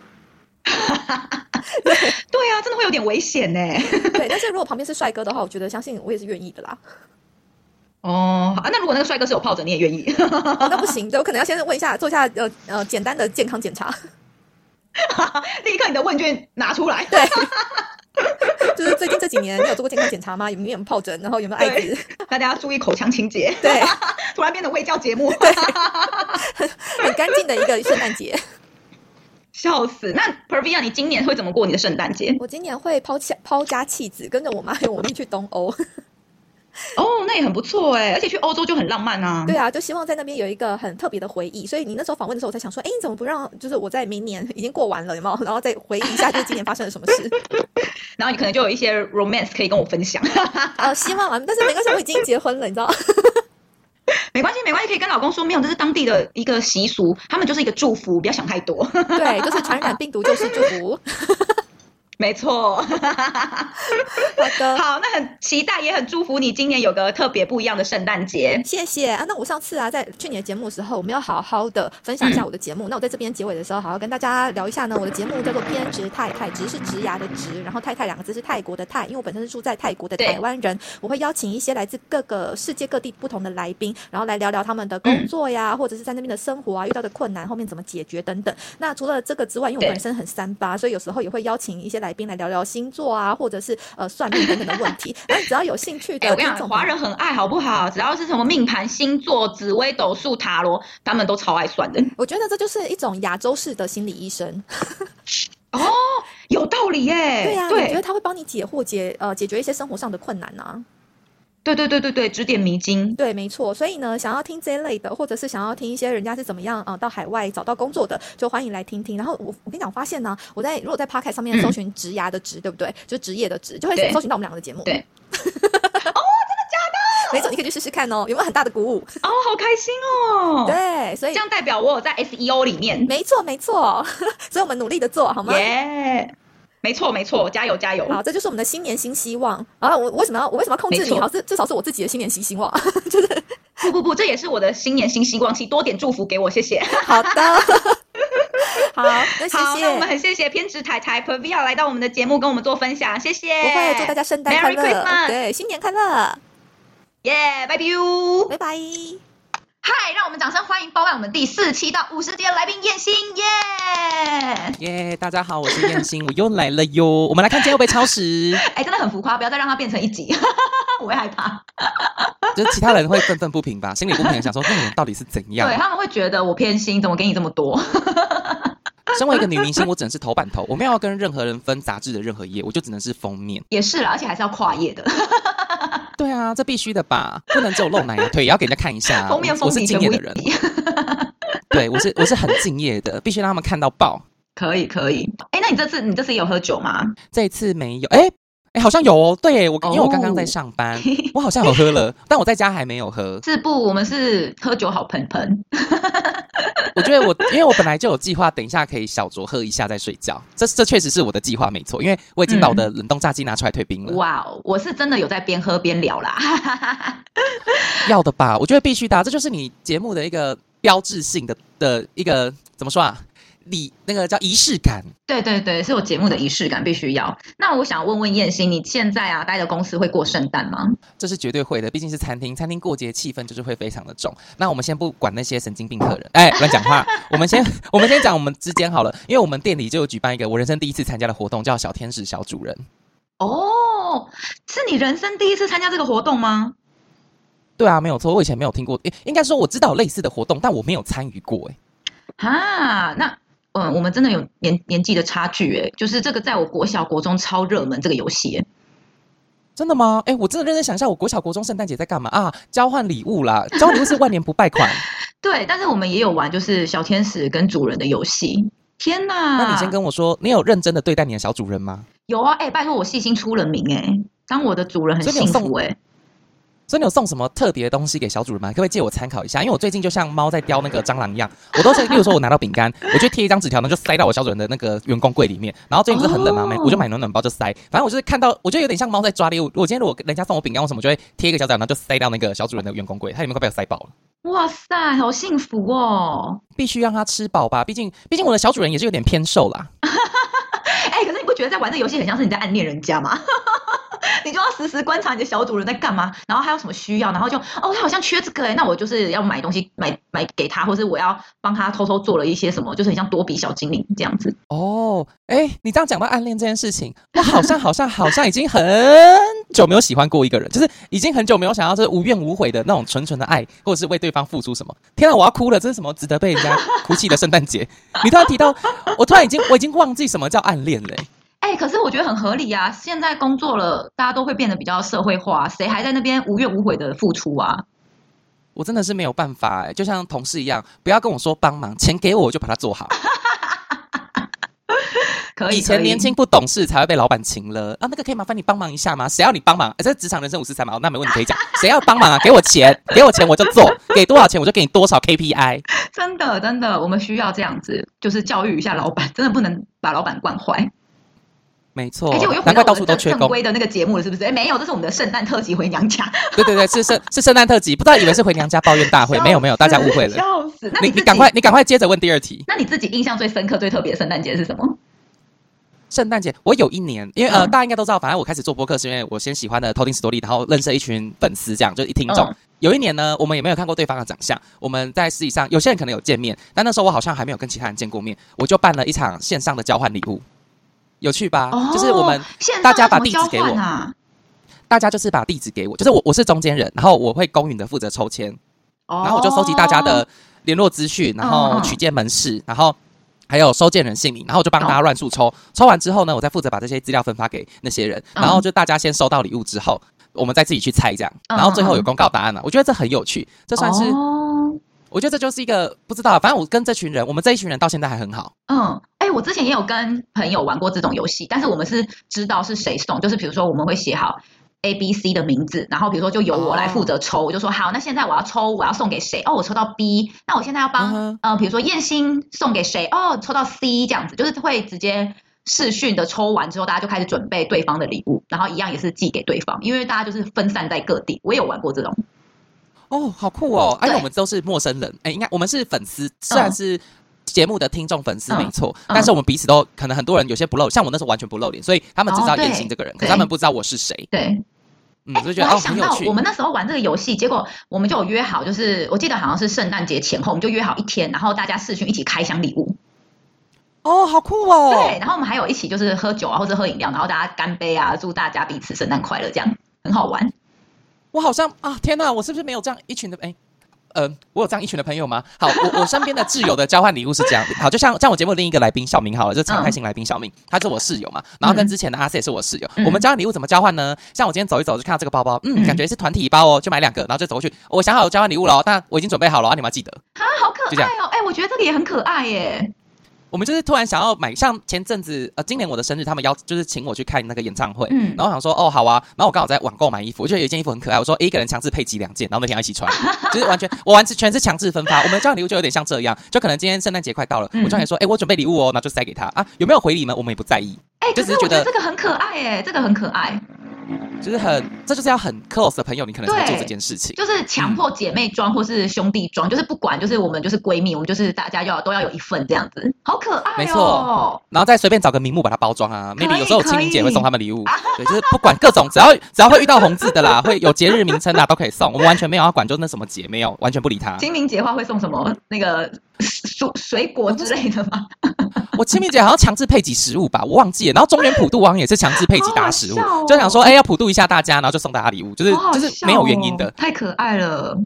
對 對啊，真的會有點危險耶。 對，但是如果旁邊是帥哥的話，我覺得相信我也是願意的啦。哦，好，那如果那個帥哥是有皰疹，你也願意 哦？那不行，我可能要先問一下，做一下呃呃簡單的健康檢查。 立刻你的問卷拿出來。 對，就是最近這幾年你有做過健康檢查嗎？有沒有皰疹？然後有沒有艾滋？大家要注意口腔清潔。 對， 突然變成衛教節目， 對 很乾淨的一個聖誕節，。 笑死！那 Pervia，你今年會怎麼過你的聖誕節？我今年會拋棄拋家棄子，跟着我媽和我弟去東歐。 哦，那也很不錯哎，而且去歐洲就很浪漫啊。對啊，就希望在那邊有一個很特別的回憶。所以你那時候訪問的時候我才想說，哎、欸，你怎麼不讓？就是我在明年已經過完了，有沒有？然後再回憶一下，就是今年發生了什麼事。 然後你可能就有一些 romance 可以跟我分享。呃、 啊，希望啊。但是沒個繫沒關係，我已經結婚了，你知道。 沒關係，沒關係，可以跟老公說沒有，這是當地的一個習俗，他們就是一個祝福，不要想太多。 對，就是傳染病毒就是祝福。 沒錯，哈哈哈，好的，好，那很期待，也很祝福你今年有個特別不一樣的聖誕節。謝謝啊，那我上次啊，在去年的節目的時候，我們要好好的分享一下我的節目、嗯。那我在這邊結尾的時候，好好跟大家聊一下呢。我的節目叫做“偏職泰泰”，“職”直是植牙的“植”，然後“泰泰”兩個字是泰國的“泰”，因為我本身是住在泰國的台灣人，我會邀請一些來自各個世界各地不同的來賓，然後來聊聊他們的工作呀，嗯、或者是在那邊的生活啊，遇到的困難，後面怎麼解決等等。那除了這個之外，因為我本身很三八，所以有時候也會邀請一些來。邊來聊聊星座啊，或者是呃算命等等的問題，但 只要有興趣的，欸，我跟你講，華人很愛好不好？只要是什麼命盤、星座、紫微斗數，塔羅他們都超愛算的。我覺得這就是一種亞洲式的心理醫生。 哦，有道理耶。對啊，我覺得他會幫你解惑解，解呃解決一些生活上的困難呢，啊。對對對對對，指點迷津。對，沒錯。所以呢，想要聽這一類的，或者是想要聽一些人家是怎麼樣啊、呃，到海外找到工作的，就歡迎來聽聽。然後我我跟你講，發現呢、啊，我在如果在 Podcast 上面搜尋職涯的“職”，對不對？就職業的“職”，就會搜尋到我們兩個的節目。對。對 哦，真的假的？沒錯，你可以去試試看哦，有沒有很大的鼓舞？哦，好開心哦。 對，所以這樣代表我在 SEO 裡面。沒錯，沒錯。 所以我們努力的做好嗎？耶、yeah。沒錯沒錯，加油加油！好，這就是我們的新年新希望啊，我！我為什麼要我為什麼要控制你？好，這至少是我自己的新年新希望， 就是不不不，這也是我的新年新希望。請多點祝福給我，謝謝。好的， 好，那謝謝。那我們很謝謝偏職泰泰 Pervia 來到我們的節目跟我們做分享，謝謝。不會，祝大家聖誕快樂，對，新年快樂。耶、yeah，拜拜，拜拜。嗨，讓我們掌聲歡迎包辦我們第四十七到五十集來賓豔星，耶、yeah！耶、yeah,，大家好，我是豔星，我又來了喲。 我們來看今天又被超時。哎、欸，真的很浮誇，不要再讓它變成一集， 我會害怕。就其他人會憤憤不平吧，心裡不平，想說他們 到底是怎樣？對，他們會覺得我偏心，怎麼給你這麼多？ 身為一個女明星，我只能是頭版頭，我沒有跟任何人分雜誌的任何頁，我就只能是封面。也是啦，而且還是要跨頁的。 對啊，這必須的吧，不能只有露奶油腿，也要給人家看一下。 封面，我是敬業的人。 對，我是我是很敬業的，必須讓他們看到爆。可以可以，哎，那你這次你這次有喝酒嗎？這次沒有，哎哎，好像有哦。對，我、oh. 因為我剛剛在上班，我好像有喝了， 但我在家還沒有喝。是不，我們是喝酒好噴噴。 我覺得我因為我本來就有計劃，等一下可以小酌喝一下再睡覺。這這確實是我的計劃沒錯，因為我已經把我的冷凍炸雞拿出來退冰了。哇、嗯，wow, 我是真的有在邊喝邊聊啦。 要的吧，我覺得必須搭、啊。這就是你節目的一個標誌性的的一個、oh. 怎麼說啊？禮那個叫儀式感，對對對，是我節目的儀式感必須要。那我想問問豔星，你現在啊待的公司會過聖誕嗎？這是絕對會的，畢竟是餐廳，餐廳過節氣氛就是會非常的重。那我們先不管那些神經病客人，哎， 亂講話。 我們先我們先講我們之間好了，因為我們店裡就有舉辦一個我人生第一次參加的活動，叫小天使小主人。哦、oh,，是你人生第一次參加這個活動嗎？對啊，沒有錯，我以前沒有聽過，誒，應該說我知道類似的活動，但我沒有參與過、欸，誒，啊，那。嗯，我們真的有年年紀的差距誒，就是這個在我國小國中超熱門這個遊戲耶，真的嗎？哎、欸，我真的認真想一下，我國小國中聖誕節在幹嘛啊？交換禮物啦， 交換禮物是萬年不敗款。對，但是我們也有玩，就是小天使跟主人的遊戲。天哪！那你先跟我說，你有認真的對待你的小主人嗎？有啊，哎、欸，拜託我細心出了名誒，當我的主人很幸福誒。所以你有送什麼特別的東西給小主人嗎？可不可以借我參考一下？因為我最近就像貓在叼那個蟑螂一樣，我都是， 例如說我拿到餅乾，我就貼一張紙條呢，然後就塞到我小主人的那個員工櫃裡面。然後最近不是很冷嗎、啊哦？我就買暖暖包就塞。反正我就是看到，我覺得有點像貓在抓獵物。我今天如果人家送我餅乾我什麼，就會貼一個小紙條，然後就塞到那個小主人的員工櫃，他裡面快被我塞飽了。哇塞，好幸福哦！必須讓他吃飽吧，畢竟畢竟我的小主人也是有點偏瘦啦。哎、 欸，可是你不覺得在玩這遊戲很像是你在暗戀人家嗎？ 你就要時時觀察你的小主人在幹嘛，然後還有什麼需要，然後就哦，他好像缺這個哎、欸，那我就是要買東西買買給他，或是我要幫他偷偷做了一些什麼，就是很像多比小精靈這樣子哦。哎、欸，你這樣講到暗戀這件事情，我好像好像好像已經很久沒有喜歡過一個人， 就是已經很久沒有想要到這無怨無悔的那種純純的愛，或者是為對方付出什麼。天哪、啊，我要哭了，這是什麼值得被人家哭泣的聖誕節？ 你突然提到，我突然已經我已經忘記什麼叫暗戀了、欸。哎、欸，可是我覺得很合理呀、啊！現在工作了，大家都會變得比較社會化，誰還在那邊無怨無悔的付出啊？我真的是沒有辦法、欸，就像同事一樣，不要跟我說幫忙，錢給我，我就把它做好。 可以，以前年輕不懂事才會被老板請了 啊。那個可以麻煩你幫忙一下嗎？誰要你幫忙？欸、這是職場人生五四三嘛？那沒問題，可以講。 誰要幫忙啊？給我錢，給我錢我就做， 給多少錢我就給你多少 KPI。真的，真的，我們需要這樣子，就是教育一下老板，真的不能把老板慣壞。沒錯、欸，難怪到處都缺工。正規的那個節目了，是不是？哎，沒有，這是我們的聖誕特輯《回娘家》 對對對，是聖是聖誕特輯，不知道以為是回娘家抱怨大會， 沒有沒有，大家誤會了。笑死！你你趕快你趕快接着問第二題。那你自己印象最深刻、最特別的聖誕節是什麼？聖誕節，我有一年，因為呃、嗯，大家應該都知道，反正我開始做播客是因為我先喜歡的偷聽史多利，然後認識一群粉絲，這樣就一聽眾、嗯。有一年呢，我們也沒有看過對方的長相，我們在私底下有些人可能有見面，但那時候我好像還沒有跟其他人見過面，我就辦了一場線上的交換禮物。有趣吧？Oh, 就是我們大家把地址給我、啊、大家就是把地址給我，就是我我是中間人，然後我會公允的負責抽籤，oh, 然後我就收集大家的聯絡資訊，然後取件門市，oh. 然後還有收件人姓名，然後我就幫大家亂數抽。Oh. 抽完之後呢，我再負責把這些資料分發給那些人，oh. 然後就大家先收到禮物之後，我們再自己去猜這樣。Oh. 然後最後有公告答案了、啊，我覺得這很有趣，這算是…… Oh. 我覺得這就是一個不知道，反正我跟這群人，我們這一群人到現在還很好。嗯、oh.。我之前也有跟朋友玩過這種遊戲，但是我們是知道是誰送，就是比如說我們會寫好 A、B、C 的名字，然後比如說就由我來負責抽，oh. 我就說好，那現在我要抽，我要送給誰？哦、oh,，我抽到 B，那我現在要幫嗯，比、uh -huh. 呃、如說豔星送給誰？哦、oh,，抽到 C 這樣子，就是會直接視訊的抽完之後，大家就開始準備對方的禮物，然後一樣也是寄給對方，因為大家就是分散在各地，我也有玩過這種。哦、oh,，好酷哦！而、哎、且我們都是陌生人，哎、欸，應該我們是粉絲，雖然是、oh.。節目的聽眾粉絲沒錯，嗯、但是我們彼此都、嗯、可能很多人有些不露，像我那時候完全不露臉，所以他們只知道嚴、哦、欣這個人，可是他們不知道我是誰。對，嗯，我、欸、就覺得我，想到、哦、我們那時候玩這個遊戲，結果我們就有約好，就是我記得好像是聖誕節前後，我們就約好一天，然後大家視訊一起開箱禮物。哦，好酷哦！對，然後我們還有一起就是喝酒啊，或者喝飲料，然後大家乾杯啊，祝大家彼此聖誕快樂，這樣很好玩。我好像啊，天哪，我是不是沒有這樣一群的哎？誒嗯、呃，我有這樣一群的朋友嗎？好，我我身邊的摯友的交換禮物是這樣。 好，就像像我節目另一個來賓小明好了，就常態性來賓小明、嗯，他是我室友嘛，然後跟之前的阿四也是我室友、嗯。我們交換禮物怎麼交換呢？像我今天走一走就看到這個包包，嗯，嗯，感覺是團體包哦，就買兩個，然後就走過去。我想好交換禮物了，但我已經準備好了啊，你們要記得啊，好可愛哦，哎、欸，我覺得這個也很可愛耶。我們就是突然想要買，像前陣子呃，今年我的生日，他們邀、就是請我去看那個演唱會，嗯、然後我想說哦好啊，然後我剛好在網購買衣服，我覺得有一件衣服很可愛，我說、欸、一個人強制配幾兩件，然後那天要一起穿， 就是完全我完全全是強制分發。 我們的交換禮物就有點像這樣，就可能今天聖誕節快到了，嗯、我就想說，哎、欸，我準備禮物哦，然後就塞給他啊，有沒有回禮呢？我們也不在意。哎、欸，就是覺得是這個很可愛哎，這個很可愛。就是很，這就是要很 close 的朋友，你可能才會做這件事情，就是強迫姐妹裝或是兄弟裝、嗯，就是不管，就是我們就是閨蜜，我們就是大家要都要有一份這樣子，好可愛、哦。沒錯，然後再隨便找個名目把它包裝啊。maybe 有時候清明節會送他們禮物，對，就是不管各種，只要只要會遇到紅字的啦， 會有節日名稱啦，都可以送。我們完全沒有要管，就那什麼節沒有，完全不理他。清明節話會送什麼？那個。水水果之類的嗎？ 我清明節好像強制配給食物吧，我忘記了。然後中元普渡王也是強制配給大家食物 好好笑哦，就想說，哎、欸，要普渡一下大家，然後就送大家禮物，就是好好笑哦、就是沒有原因的。太可愛了，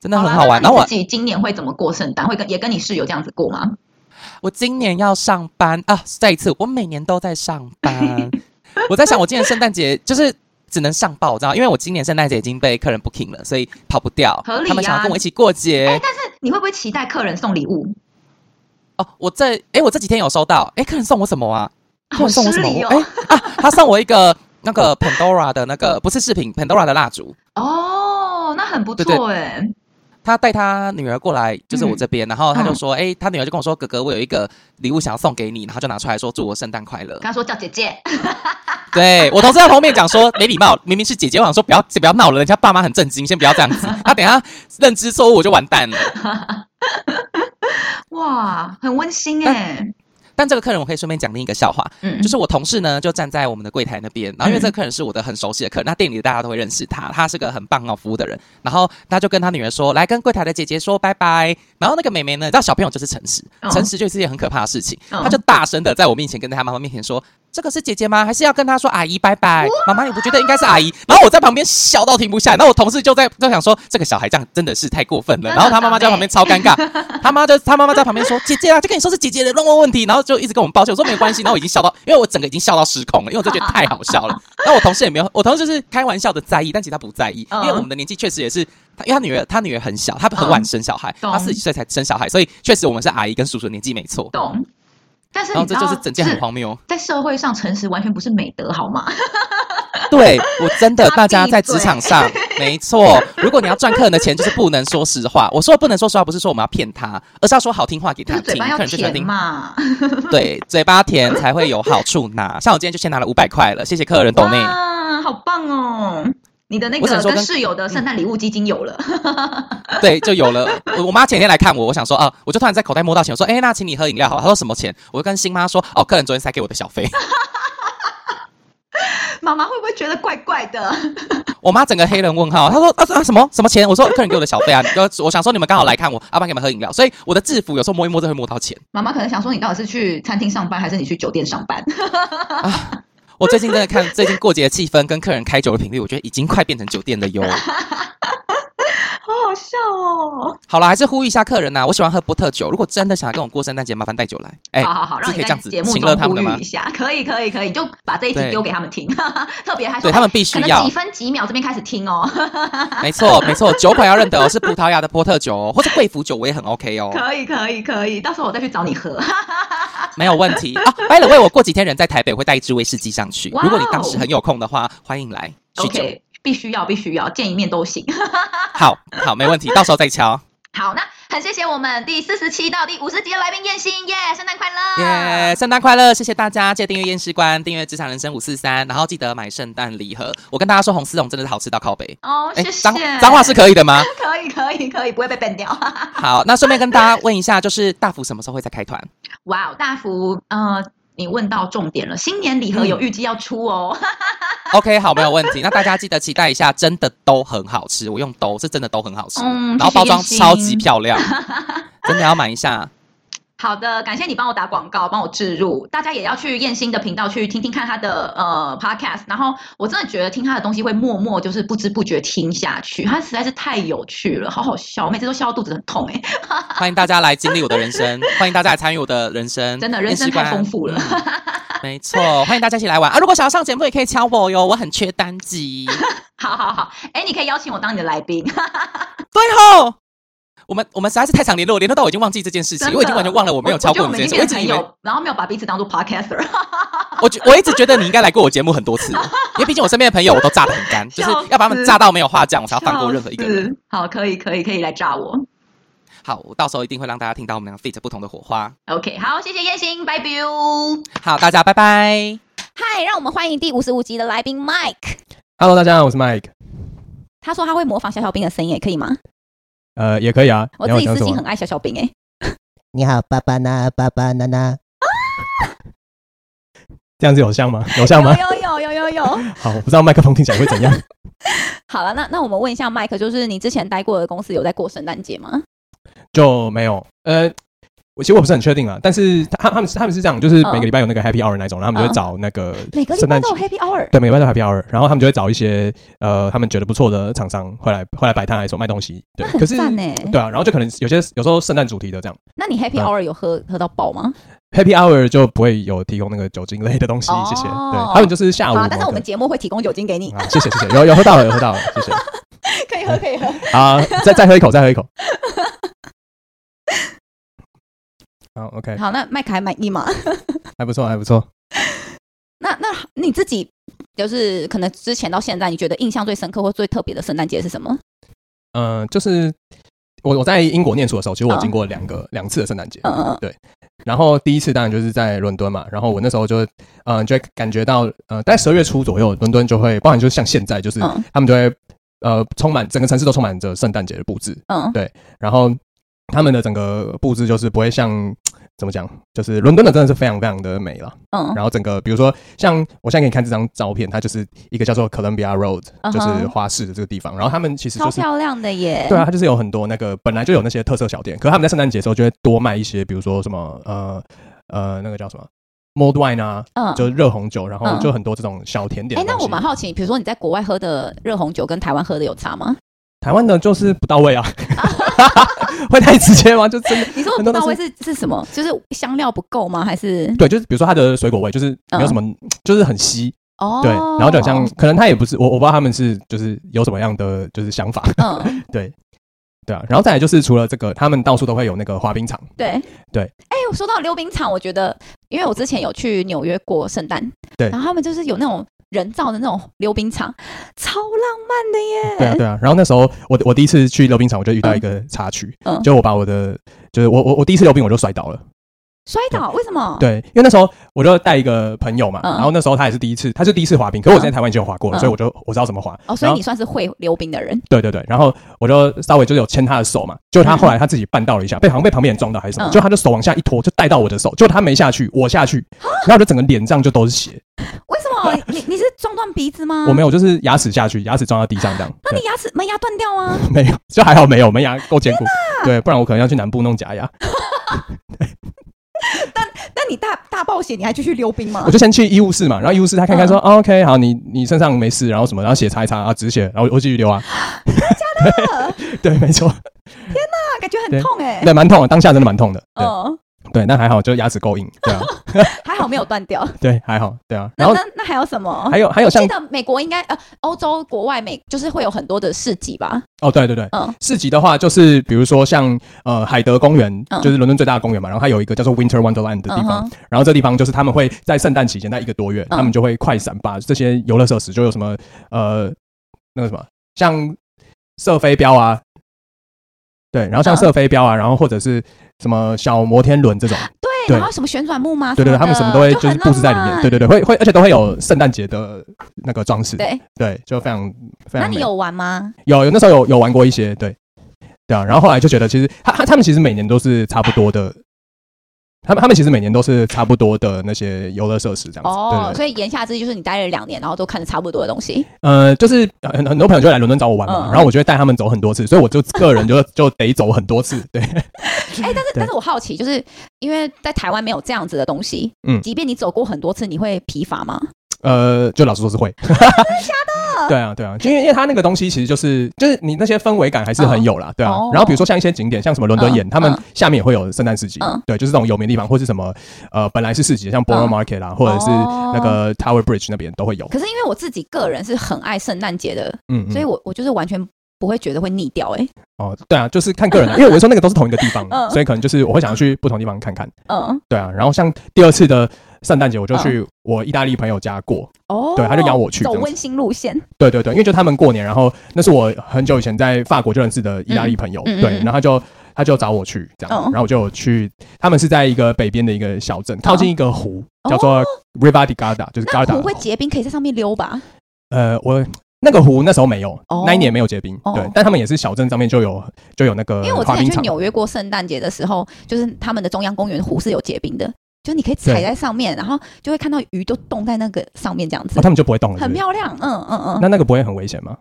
真的很好玩。然後我自己今年會怎麼過聖誕？會跟也跟你室友這樣子過嗎？ 我今年要上班啊！再一次，我每年都在上班。 我在想，我今年聖誕節就是。只能上報，知道？因為我今年聖誕節已經被客人 booking 了，所以跑不掉。合理啊、他們想要跟我一起過節、欸。但是你會不會期待客人送禮物？哦，我這、欸、我這幾天有收到，哎、欸，客人送我什麼啊？送我什麼？啊，他送我一個 那個 Pandora 的那個不是飾品 Pandora 的蠟燭。哦、oh，那很不錯、欸，對，對，對他帶他女兒過來，就是我這邊、嗯，然後他就說：“哎、啊欸，他女兒就跟我說，哥哥，我有一個禮物想要送給你，然後就拿出來說，祝我聖誕快樂。”他說叫姐姐。 對我同事在旁邊講說沒禮貌，明明是姐姐，我想說不要不要鬧了，人家爸媽很震驚，先不要這樣子，他、 啊、等下認知錯誤我就完蛋了。 哇，很溫馨哎。啊但這個客人，我可以順便講另一個笑話，嗯，就是我同事呢，就站在我們的櫃檯那邊，然後因為這個客人是我的很熟悉的客人，那、嗯、店裡的大家都會認識他，他是個很棒哦服務的人，然後他就跟他女兒說，來跟櫃檯的姐姐說拜拜，然後那個美眉呢，你知道小朋友就是誠實，誠、哦、實就是一件很可怕的事情，哦、他就大聲的在我面前跟在他媽媽面前說。這個是姐姐嗎？還是要跟她說阿姨拜拜？媽媽，你不覺得應該是阿姨？然後我在旁邊笑到停不下。然後我同事就在在想說，這個小孩這樣真的是太過分了。然後她媽媽在旁邊超尷尬，她媽就他媽媽在旁邊說：“ 姐姐啊，就跟你說是姐姐的亂問問題。”然後就一直跟我們抱歉，我說沒有關係。然後我已經笑到，因為我整個已經笑到失控了，因為我就覺得太好笑了。然後我同事也沒有，我同事就是開玩笑的在意，但其實他不在意，因為我們的年紀確實也是她，因為她女兒她女兒很小，她很晚生小孩，她四十歲才生小孩，所以確實我們是阿姨跟叔叔的年紀沒錯，懂。但是你知道，然後這就是整件很荒謬。在社會上，誠實完全不是美德，好嗎？對我真的，大家在職場上，沒錯。如果你要賺客人的錢，就是不能說實話。 我說的不能說實話，不是說我們要騙他，而是要說好聽話給他聽。就是、嘴巴要甜嘛？對，嘴巴甜才會有好處拿。 像我今天就先拿了五百塊了，謝謝客人，懂你啊，好棒哦。你的那個跟室友的聖誕禮物基金有了， 對，就有了。我媽前天來看我，我想說啊，我就突然在口袋摸到錢，我說哎、欸，那請你喝飲料。好了。她說什麼錢？我就跟新媽說哦，客人昨天塞給我的小費。媽 媽會不會覺得怪怪的？我媽整個黑人問號，她說啊什麼什麼錢？我說客人給我的小費啊。我想說你們剛好來看我，阿 爸、啊、給你們喝飲料，所以我的制服有時候摸一摸就會摸到錢。媽媽可能想說你到底是去餐廳上班還是你去酒店上班？ 啊 我最近真的看，最近過節的氣氛跟客人開酒的頻率，我覺得已經快變成酒店了喲。好，好笑哦！好了，還是呼籲一下客人吶、啊。我喜歡喝波特酒，如果真的想要跟我過聖誕節，麻煩帶酒來。哎、欸，好好好，讓可以這樣子，請樂他們的籲一下，可以可以可以，就把這一集丟給他們聽，哈 哈，特別還對他們必須要幾分幾秒這邊開始聽哦。哈哈哈。沒錯沒錯，酒款要認得是葡萄牙的波特酒哦，或是貴腐酒我也很 OK 哦。可以可以可以，到時候我再去找你喝。哈哈哈。沒有問題啊，by the way，我過幾天人在台北會帶一支威士忌上去、wow，如果你當時很有空的話，歡迎來。取酒。k、okay。必須要，必須要見一面都行。 好好，沒問題， 到時候再敲。好，那很謝謝我們第四十七到第五十集的來賓豔星，耶、yeah,，聖、yeah, 誕快樂，耶，聖誕快樂，謝謝大家，記得訂閱豔師觀，訂閱職場人生五四三，然後記得買聖誕禮盒。我跟大家說，紅絲絨真的是好吃到靠北。哦、oh, 欸，謝謝。髒髒話是可以的嗎？ 可以，可以，可以，不會被 ban 掉。 好，那順便跟大家問一下，就是大福什麼時候會再開團？哇、wow, 大福，嗯、呃。你問到重點了，新年禮盒有預計要出哦。 OK，好，沒有問題。那大家記得期待一下，真的都很好吃。我用“都”是真的都很好吃，嗯，然後包裝超級漂亮， 真的要買一下。好的，感謝你幫我打廣告，幫我置入。大家也要去豔星的頻道去聽聽看他的呃 podcast，然後我真的覺得聽他的東西會默默就是不知不覺聽下去，他實在是太有趣了，好好笑，每次都笑到肚子很痛哎、欸。歡迎大家來經歷我的人生， 歡迎大家來參與我的人生，真的人生太豐富了。嗯、沒錯，歡迎大家一起來玩啊！如果想要上節目也可以敲我喲，我很缺單集。 好好好，哎、欸，你可以邀請我當你的來賓。最 後、哦。我們我們實在是太常聯絡，聯絡到我已經忘記這件事情，我已經完全忘了我沒有超過你這件事，我我們的朋友，我一直沒有，然後沒有把彼此當做 podcaster。 我覺我一直覺得你應該來過我節目很多次， 因為畢竟我身邊的朋友我都炸的很乾，就是要把他們炸到沒有話講，我才要放過任何一個人。好，可以，可以，可以來炸我。好，我到時候一定會讓大家聽到我們兩個 fit 不同的火花。OK，好，謝謝豔星，拜拜。好，大家拜拜。嗨，讓我們歡迎第五十五集的來賓 Mike。Hello，大家好，我是 Mike。他說他會模仿小小兵的聲音，也可以嗎？呃，也可以啊。我自己私心很愛小小兵、欸、你好，爸爸呢？爸爸呢呢？啊！這樣子有像嗎？有像嗎？有有有有有，有。 好，我不知道麥克風聽起來會怎樣。 好了，那那我們問一下麥克，就是你之前待過的公司有在過聖誕節嗎？就沒有。呃。其實我不是很確定啊，但是他他，他們他們是這樣，就是每個禮拜有那個 Happy Hour 那種，然後他們就會找那個 uh, uh, 每個禮拜都有 Happy Hour，對，每個禮拜都 Happy Hour，然後他們就會找一些呃他們覺得不錯的廠商會來會來擺攤，來說賣東西，對，可是對啊，然後就可能有些有時候聖誕主題的這樣。那你 Happy Hour 有喝、嗯、喝到飽嗎？Happy Hour 就不會有提供那個酒精類的東西，謝謝。他們、oh. 就是下午、啊，但是我們節目會提供酒精給你，啊、謝謝謝謝，有有喝到了有喝到了，謝謝。 可以喝可以喝啊，再再喝一口再喝一口。再喝一口 好，OK。好，那麥可還滿意嗎？ 還不錯，還不錯。 那那你自己就是可能之前到現在，你覺得印象最深刻或最特別的聖誕節是什麼？嗯、呃，就是我我在英國念書的時候，其實我經過兩個兩、嗯、次的聖誕節。嗯嗯。對。然後第一次當然就是在倫敦嘛，然後我那時候就嗯、呃、就會感覺到呃，在十二月初左右，倫敦就會包含就是像現在，就是、嗯、他們就會呃充滿整個城市都充滿着聖誕節的布置。嗯，對。然後他們的整個布置就是不會像。怎麼講？就是倫敦的真的是非常非常的美了。嗯，然後整個比如說像我現在給你看這張照片，它就是一個叫做 Columbia Road，嗯、就是花市的這個地方。然後他們其實、就是、超漂亮的耶。對啊，它就是有很多那個本來就有那些特色小店，可是他們在聖誕節的時候就會多賣一些，比如說什麼呃呃那個叫什麼，Mulled Wine 啊，嗯，就是熱紅酒，然後就很多這種小甜點。哎、嗯嗯，那我蠻好奇，比如說你在國外喝的熱紅酒跟台灣喝的有差嗎？台灣的就是不到位啊。 會太直接嗎？就真的。你說我們不知道味是是什麼，就是香料不夠嗎？還是對，就是比如說它的水果味，就是沒有什麼，嗯、就是很稀哦。對，然後就好像、哦、可能他也不是我，我不知道他們是就是有什麼樣的就是想法。嗯， 對對啊。然後再來就是除了這個，他們到處都會有那個滑冰場。對對。哎、欸，我說到溜冰場，我覺得因為我之前有去紐約過聖誕，對，然後他們就是有那種。人造的那種溜冰場，超浪漫的耶！對啊，對啊。然後那時候我我第一次去溜冰場，我就遇到一個插曲，嗯嗯、就我把我的就是我我我第一次溜冰我就摔倒了。摔倒？為什麼？對，因為那時候我就帶一個朋友嘛、嗯，然後那時候他也是第一次，他是第一次滑冰，嗯、可是我在台灣已經有滑過了、嗯，所以我就我知道怎麼滑。哦，所以你算是會溜冰的人。對對對，然後我就稍微就是有牽他的手嘛，就他後來他自己絆到了一下，嗯、被，好像被旁被旁邊人撞到還是什麼，嗯、就他的手往下一拖，就帶到我的手，就他沒下去，我下去，嗯、然後就整個臉上就都是血。哦、你你是撞斷鼻子嗎？我沒有，就是牙齒下去，牙齒撞到地上這樣。那你牙齒門牙斷掉嗎？沒有，就還好沒有，沒有門牙夠堅固。對，不然我可能要去南部弄假牙。 對 但你大大暴血，你還繼續溜冰嗎？我就先去醫務室嘛，然後醫務室他看看說、嗯哦，OK，好，你你身上沒事，然後什麼，然後血擦一擦啊止血，然後我繼續溜啊。真假的？對，對沒錯。天哪、啊，感覺很痛哎、欸。對，蠻痛，當下真的蠻痛的。對呃對，那還好，就牙齒夠硬，對啊， 還好沒有斷掉。對，還好，對啊。然後那那那還有什麼？還有還有像，我記得美國應該呃，歐洲國外美就是會有很多的市集吧？哦，對對對，嗯，市集的話就是比如說像呃，海德公園就是倫敦最大的公園嘛、嗯，然後它有一個叫做 Winter Wonderland 的地方，嗯、然後這地方就是他們會在聖誕期間那一個多月、嗯，他們就會快閃把這些遊樂設施就有什麼呃那個什麼像射飛鏢啊，對，然後像射飛鏢啊、嗯，然後或者是。什麼小摩天輪這種，對，然後什麼旋轉木馬，對對對，他們什麼都會，就是佈置在裡面，對對對，會會，而且都會有聖誕節的那個裝飾，對對，就非常非常。那你有玩嗎？有有，那時候有有玩過一些，對對啊，然後後來就覺得，其實他他他們其實每年都是差不多的。他們他們其實每年都是差不多的那些遊樂設施這樣子哦、oh, 所以言下之意就是你待了兩年，然後都看着差不多的東西。呃，就是很很多朋友就會來倫敦找我玩嘛，uh -huh. 然後我就會帶他們走很多次，所以我就個人就 就得走很多次。對，哎、欸，但是但是我好奇，就是因為在台灣沒有這樣子的東西，嗯，即便你走過很多次，你會疲乏嗎？呃，就老實說是會。真的？對啊，對啊，對啊，因為因為它那個東西其實就是就是你那些氛圍感還是很有啦。對啊。Uh, oh, 然後比如說像一些景點，像什麼倫敦眼，uh, uh, 他們下面也會有聖誕市集，uh, 對，就是這種有名的地方，或是什麼呃本來是市集，像 Borough Market 啦，啊 uh, oh, 或者是那個 Tower Bridge 那邊都會有。可是因為我自己個人是很愛聖誕節的，嗯，嗯，所以我我就是完全不會覺得會膩掉，欸，哎。哦，對啊，就是看個人啦，因為我說那個都是同一個地方， uh, 所以可能就是我會想要去不同地方看看，嗯，對啊。然後像第二次的。聖誕節我就去我意大利朋友家過，oh. 對，他就邀我去走溫馨路線。對對對，因為就他們過年，然後那是我很久以前在法國就認識的意大利朋友，嗯、對嗯嗯嗯，然後他就他就找我去這樣，oh. 然後我就去。他們是在一個北邊的一個小鎮，oh. 靠近一個湖，oh. 叫做 Riva del Garda，就是、Garda、那湖會結冰，可以在上面溜吧？呃，我那個湖那時候沒有，oh. 那一年沒有結冰，對，oh. 但他們也是小鎮上面就有就有那個。因為我之前去紐約過聖誕節的時候，就是他們的中央公園湖是有結冰的。就你可以踩在上面，然後就會看到魚都凍在那個上面這樣子，哦、他們就不會動了是不是？很漂亮。嗯嗯嗯。那那個不會很危險嗎？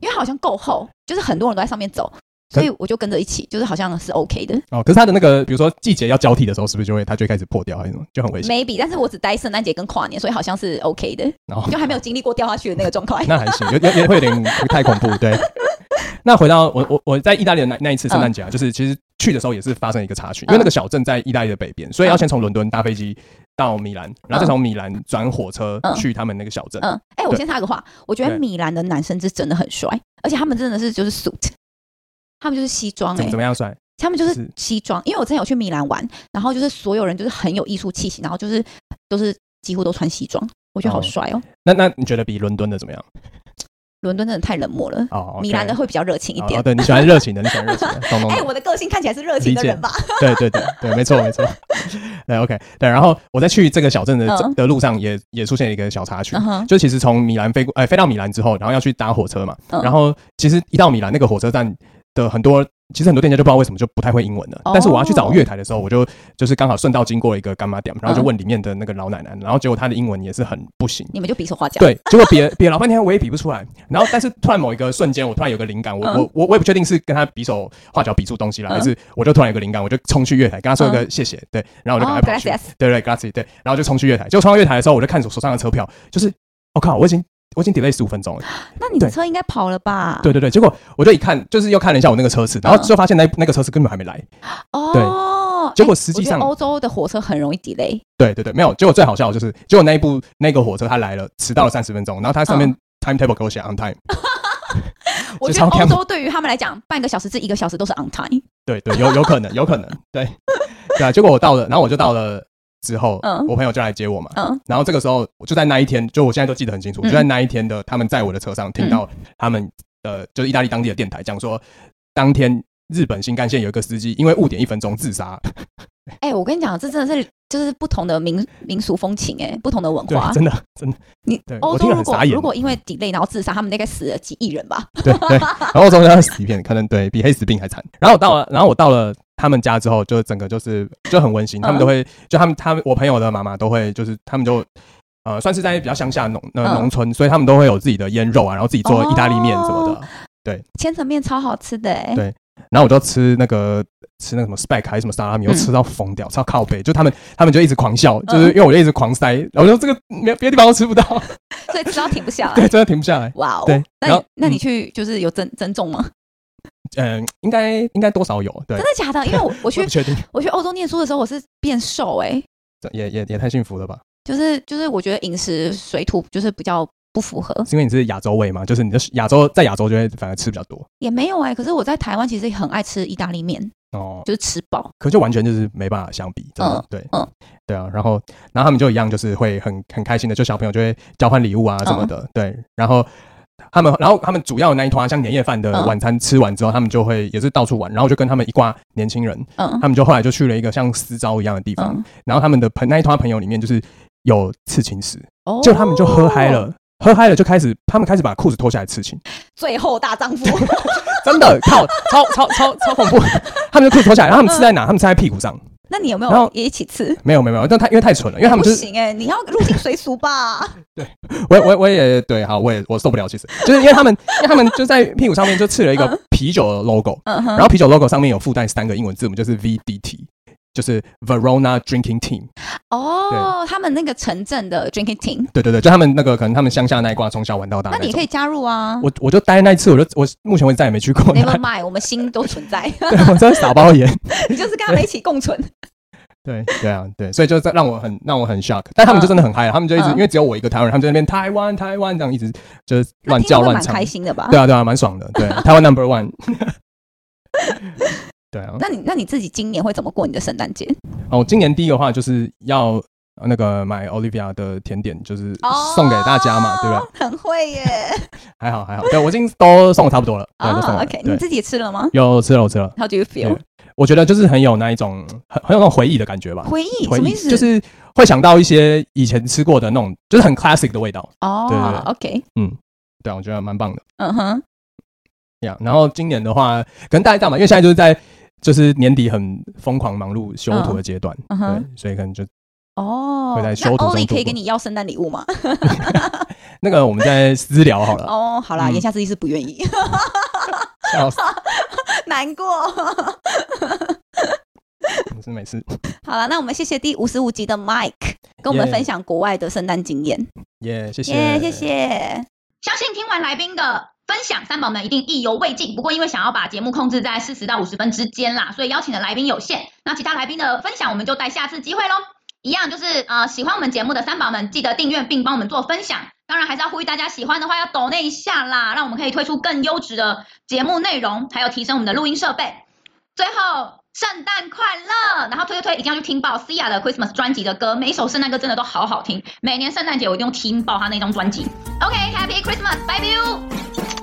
因為好像夠厚，就是很多人都在上面走，嗯、所以我就跟着一起，就是好像是 OK 的。哦，可是它的那個，比如說季節要交替的時候，是不是就會它就會開始破掉，還是什麼就很危險？Maybe，但是我只待聖誕節跟跨年，所以好像是 OK 的，哦、就還沒有經歷過掉下去的那個狀況。 那還行，因為會有點太恐怖。 對。那回到我我我在意大利的那那一次聖誕節啊，就是其實。去的時候也是發生一個插曲，因為那個小鎮在意大利的北邊，嗯、所以要先從倫敦搭飛機到米蘭，嗯、然後再從米蘭轉火車去他們那個小鎮。嗯，哎、欸，我先插個話，我覺得米蘭的男生是真的很帥，okay. 而且他們真的是就是 suit，他們就是西裝、欸。怎麼怎麼樣帥？他們就是西裝，因為我之前有去米蘭玩，然後就是所有人就是很有藝術氣息，然後就是都是幾乎都穿西裝，我覺得好帥、喔、哦。那那你覺得比倫敦的怎麼樣？倫敦真的太冷漠了。哦，米蘭的會比較熱情一點。哦，對，你喜歡熱情的，你喜歡熱情的。懂、 欸、我的個性看起來是熱情的人吧？理解吧？對對對對，沒錯沒錯。 對，OK，對。然後我在去這個小鎮的的路上也，也、uh -huh. 也出現一個小插曲。Uh -huh. 就其實從米蘭飛過、呃，飛到米蘭之後，然後要去搭火車嘛。Uh -huh. 然後其實一到米蘭，那個火車站，的很多，其實很多店家就不知道為什麼就不太會英文了。Oh. 但是我要去找月台的時候，我就就是剛好順道經過一個柑仔店，然後就問裡面的那個老奶奶，然後結果她的英文也是很不行。你們就比手畫腳。對，結果比比 老半天我也比不出來。然後，但是突然某一個瞬間，我突然有個靈感，我、uh. 我我我也不確定是跟她比手畫腳比出東西來，uh. 還是我就突然有個靈感，我就衝去月台跟她說一個謝謝。對，然後我就趕快跑去、oh, 對對 gracias 對，然後就衝去月台。結果就衝到月台的時候，我就看手手上的車票，就是我、oh、靠，我已經。我已經 delay 十五分鐘了，那你的車應該跑了吧？對，對對對，結果我就一看，就是又看了一下我那個車次，嗯，然後就發現那那個車次根本還沒來。哦，對，結果實際上歐、欸、洲的火車很容易 delay。對對對，沒有。結果最好笑的就是，結果那一部那個火車它來了，遲到了三十分鐘，然後它上面、嗯、time table 給我寫 on time 我覺得歐洲對於他們來講， 半個小時至一個小時都是 on time。對對、對，有有可能，有可能，對 對。結果我到了，然後我就到了。哦之後，嗯，我朋友就來接我嘛，嗯，然後這個時候就在那一天，就我現在都記得很清楚，嗯、就在那一天的他們在我的車上聽到他們的、嗯呃、就是意大利當地的電台講說，當天日本新幹線有一個司機因為誤點一分鐘自殺。哎、欸，我跟你講，這真的是就是不同的民民俗風情、欸，哎，不同的文化，真的真的。你歐洲如果、我聽得很傻眼喔、如果因為 delay 然後自殺，他們應該死了幾億人吧？對，對，然後歐洲要死一片，可能對比黑死病還慘。然後我到了，然後我到了。他們家之後，就整個就是就很溫馨、嗯。他們都會，就他們他們我朋友的媽媽都會，就是他們就，呃，算是在比較鄉下農呃農村、嗯，所以他們都會有自己的醃肉啊，然後自己做意大利麵什麼的。哦、對，千層麵超好吃的、欸。對。然後我就吃那個吃那個什麼 speck 還是什麼薩拉米，我吃到瘋掉，吃到靠北。就他們他們就一直狂笑，就是因為我就一直狂塞。嗯、然後我就說，這個沒有，別的地方都吃不到，所以吃到停不下來。 對，真的停不下來。哇、wow、哦。對。那那你去就是有增增重嗎？嗯嗯，應該應該多少有，對。真的假的？因為我我去， 我，我去歐洲念書的時候，我是變瘦哎、欸。也也也太幸福了吧！就是就是，我覺得飲食水土就是比較不符合。是因為你是亞洲胃嘛，就是你的亞洲在亞洲就會反而吃比較多。也沒有哎、欸，可是我在台灣其實很愛吃意大利麵哦、嗯，就是吃飽。可就完全就是沒辦法相比，真的對。嗯對，對啊，然後然後他們就一樣，就是會很很開心的，就小朋友就會交換禮物啊什麼的、嗯，對，然後。他們，然後他們主要的那一團、啊、像年夜飯的晚餐吃完之後，嗯、他們就會也是到處玩，然後就跟他們一掛年輕人，嗯，他們就後來就去了一個像私招一樣的地方，嗯、然後他們的朋那一團、啊、朋友裡面就是有刺青師，就、哦、他們就喝嗨了，哦、喝嗨了就開始他們開始把褲子脫下來刺青，醉後大丈夫 真的靠超超超超超恐怖， 他們的褲子脫下來，然後他們刺在哪？嗯、他們刺在屁股上。那你有沒有然後也一起刺？沒有沒有沒有，但他因為太蠢了，因為他們、就是、不行哎、欸，你要入境隨俗吧。 對，我我我也對，好，我也我受不了，其實就是因為他們， 因為他們就在屁股上面就刺了一個啤酒的 logo，嗯、然後啤酒 logo 上面有附帶三個英文字母，我們就是 VDT。就是 Verona Drinking Team 哦、oh，他們那個城鎮的 Drinking Team，對對對，就他們那個可能他們鄉下那一掛從小玩到大那種。那你可以加入啊！我我就待那一次，我就我目前為止再也沒去過。Never mind， 我們心都存在。 對，我真是傻包眼。 你就是跟他們一起共存。對對啊，對，所以就是在讓我很讓我很 shock，但他們就真的很嗨了，他們就一直、嗯、因為只有我一個台灣人，他們就在那邊台灣台灣這樣一直就是亂叫亂唱，開心的吧？對啊對啊，蠻爽的。對， 台灣 Number One。對啊，那你那你自己今年會怎麼過你的聖誕節？哦，今年第一個的話就是要那個買 Olivia 的甜點，就是送給大家嘛，oh, 對不對？很會耶， 還好還好，對，我已經都送的差不多了，啊、oh, 送 OK，對你自己也吃了嗎？有吃了，我吃了。How do you feel？我覺得就是很有那一種很很有那種回憶的感覺吧。回憶什麼意思？就是會想到一些以前吃過的那種，就是很 classic 的味道。哦、oh, 對對對，OK，嗯，對啊，我覺得蠻棒的。嗯哼，然後今年的話，可能大一檔嘛，因為現在就是在。就是年底很瘋狂忙碌修圖的階段，嗯，對，所以可能就哦會在修圖。哦、Oli 可以給你要聖誕禮物嗎？ 那個我們再私聊好了。哦，好了，嗯，言下之意是不願意。笑死， 難過。 我是沒事。好了，那我們謝謝第五十五集的 Mike，yeah. 跟我們分享國外的聖誕經驗。耶，yeah,，謝謝。耶，yeah,，謝謝。相信聽完來賓的分享，三寶們一定意猶未盡，不過因為想要把節目控制在四十到五十分之間啦，所以邀請的來賓有限。那其他來賓的分享我們就待下次機會嘍。一樣就是呃喜歡我們節目的三寶們，記得訂閱並幫我們做分享。當然還是要呼籲大家，喜歡的話要鬥內一下啦，讓我們可以推出更優質的節目內容，還有提升我們的錄音設備。最後，聖誕快樂！然後推一推推，一定要去聽爆 Sia 的 Christmas 專輯的歌，每一首聖誕歌真的都好好聽。每年聖誕節我一定要聽爆他那張專輯。OK，Happy、okay, Christmas，Bye you。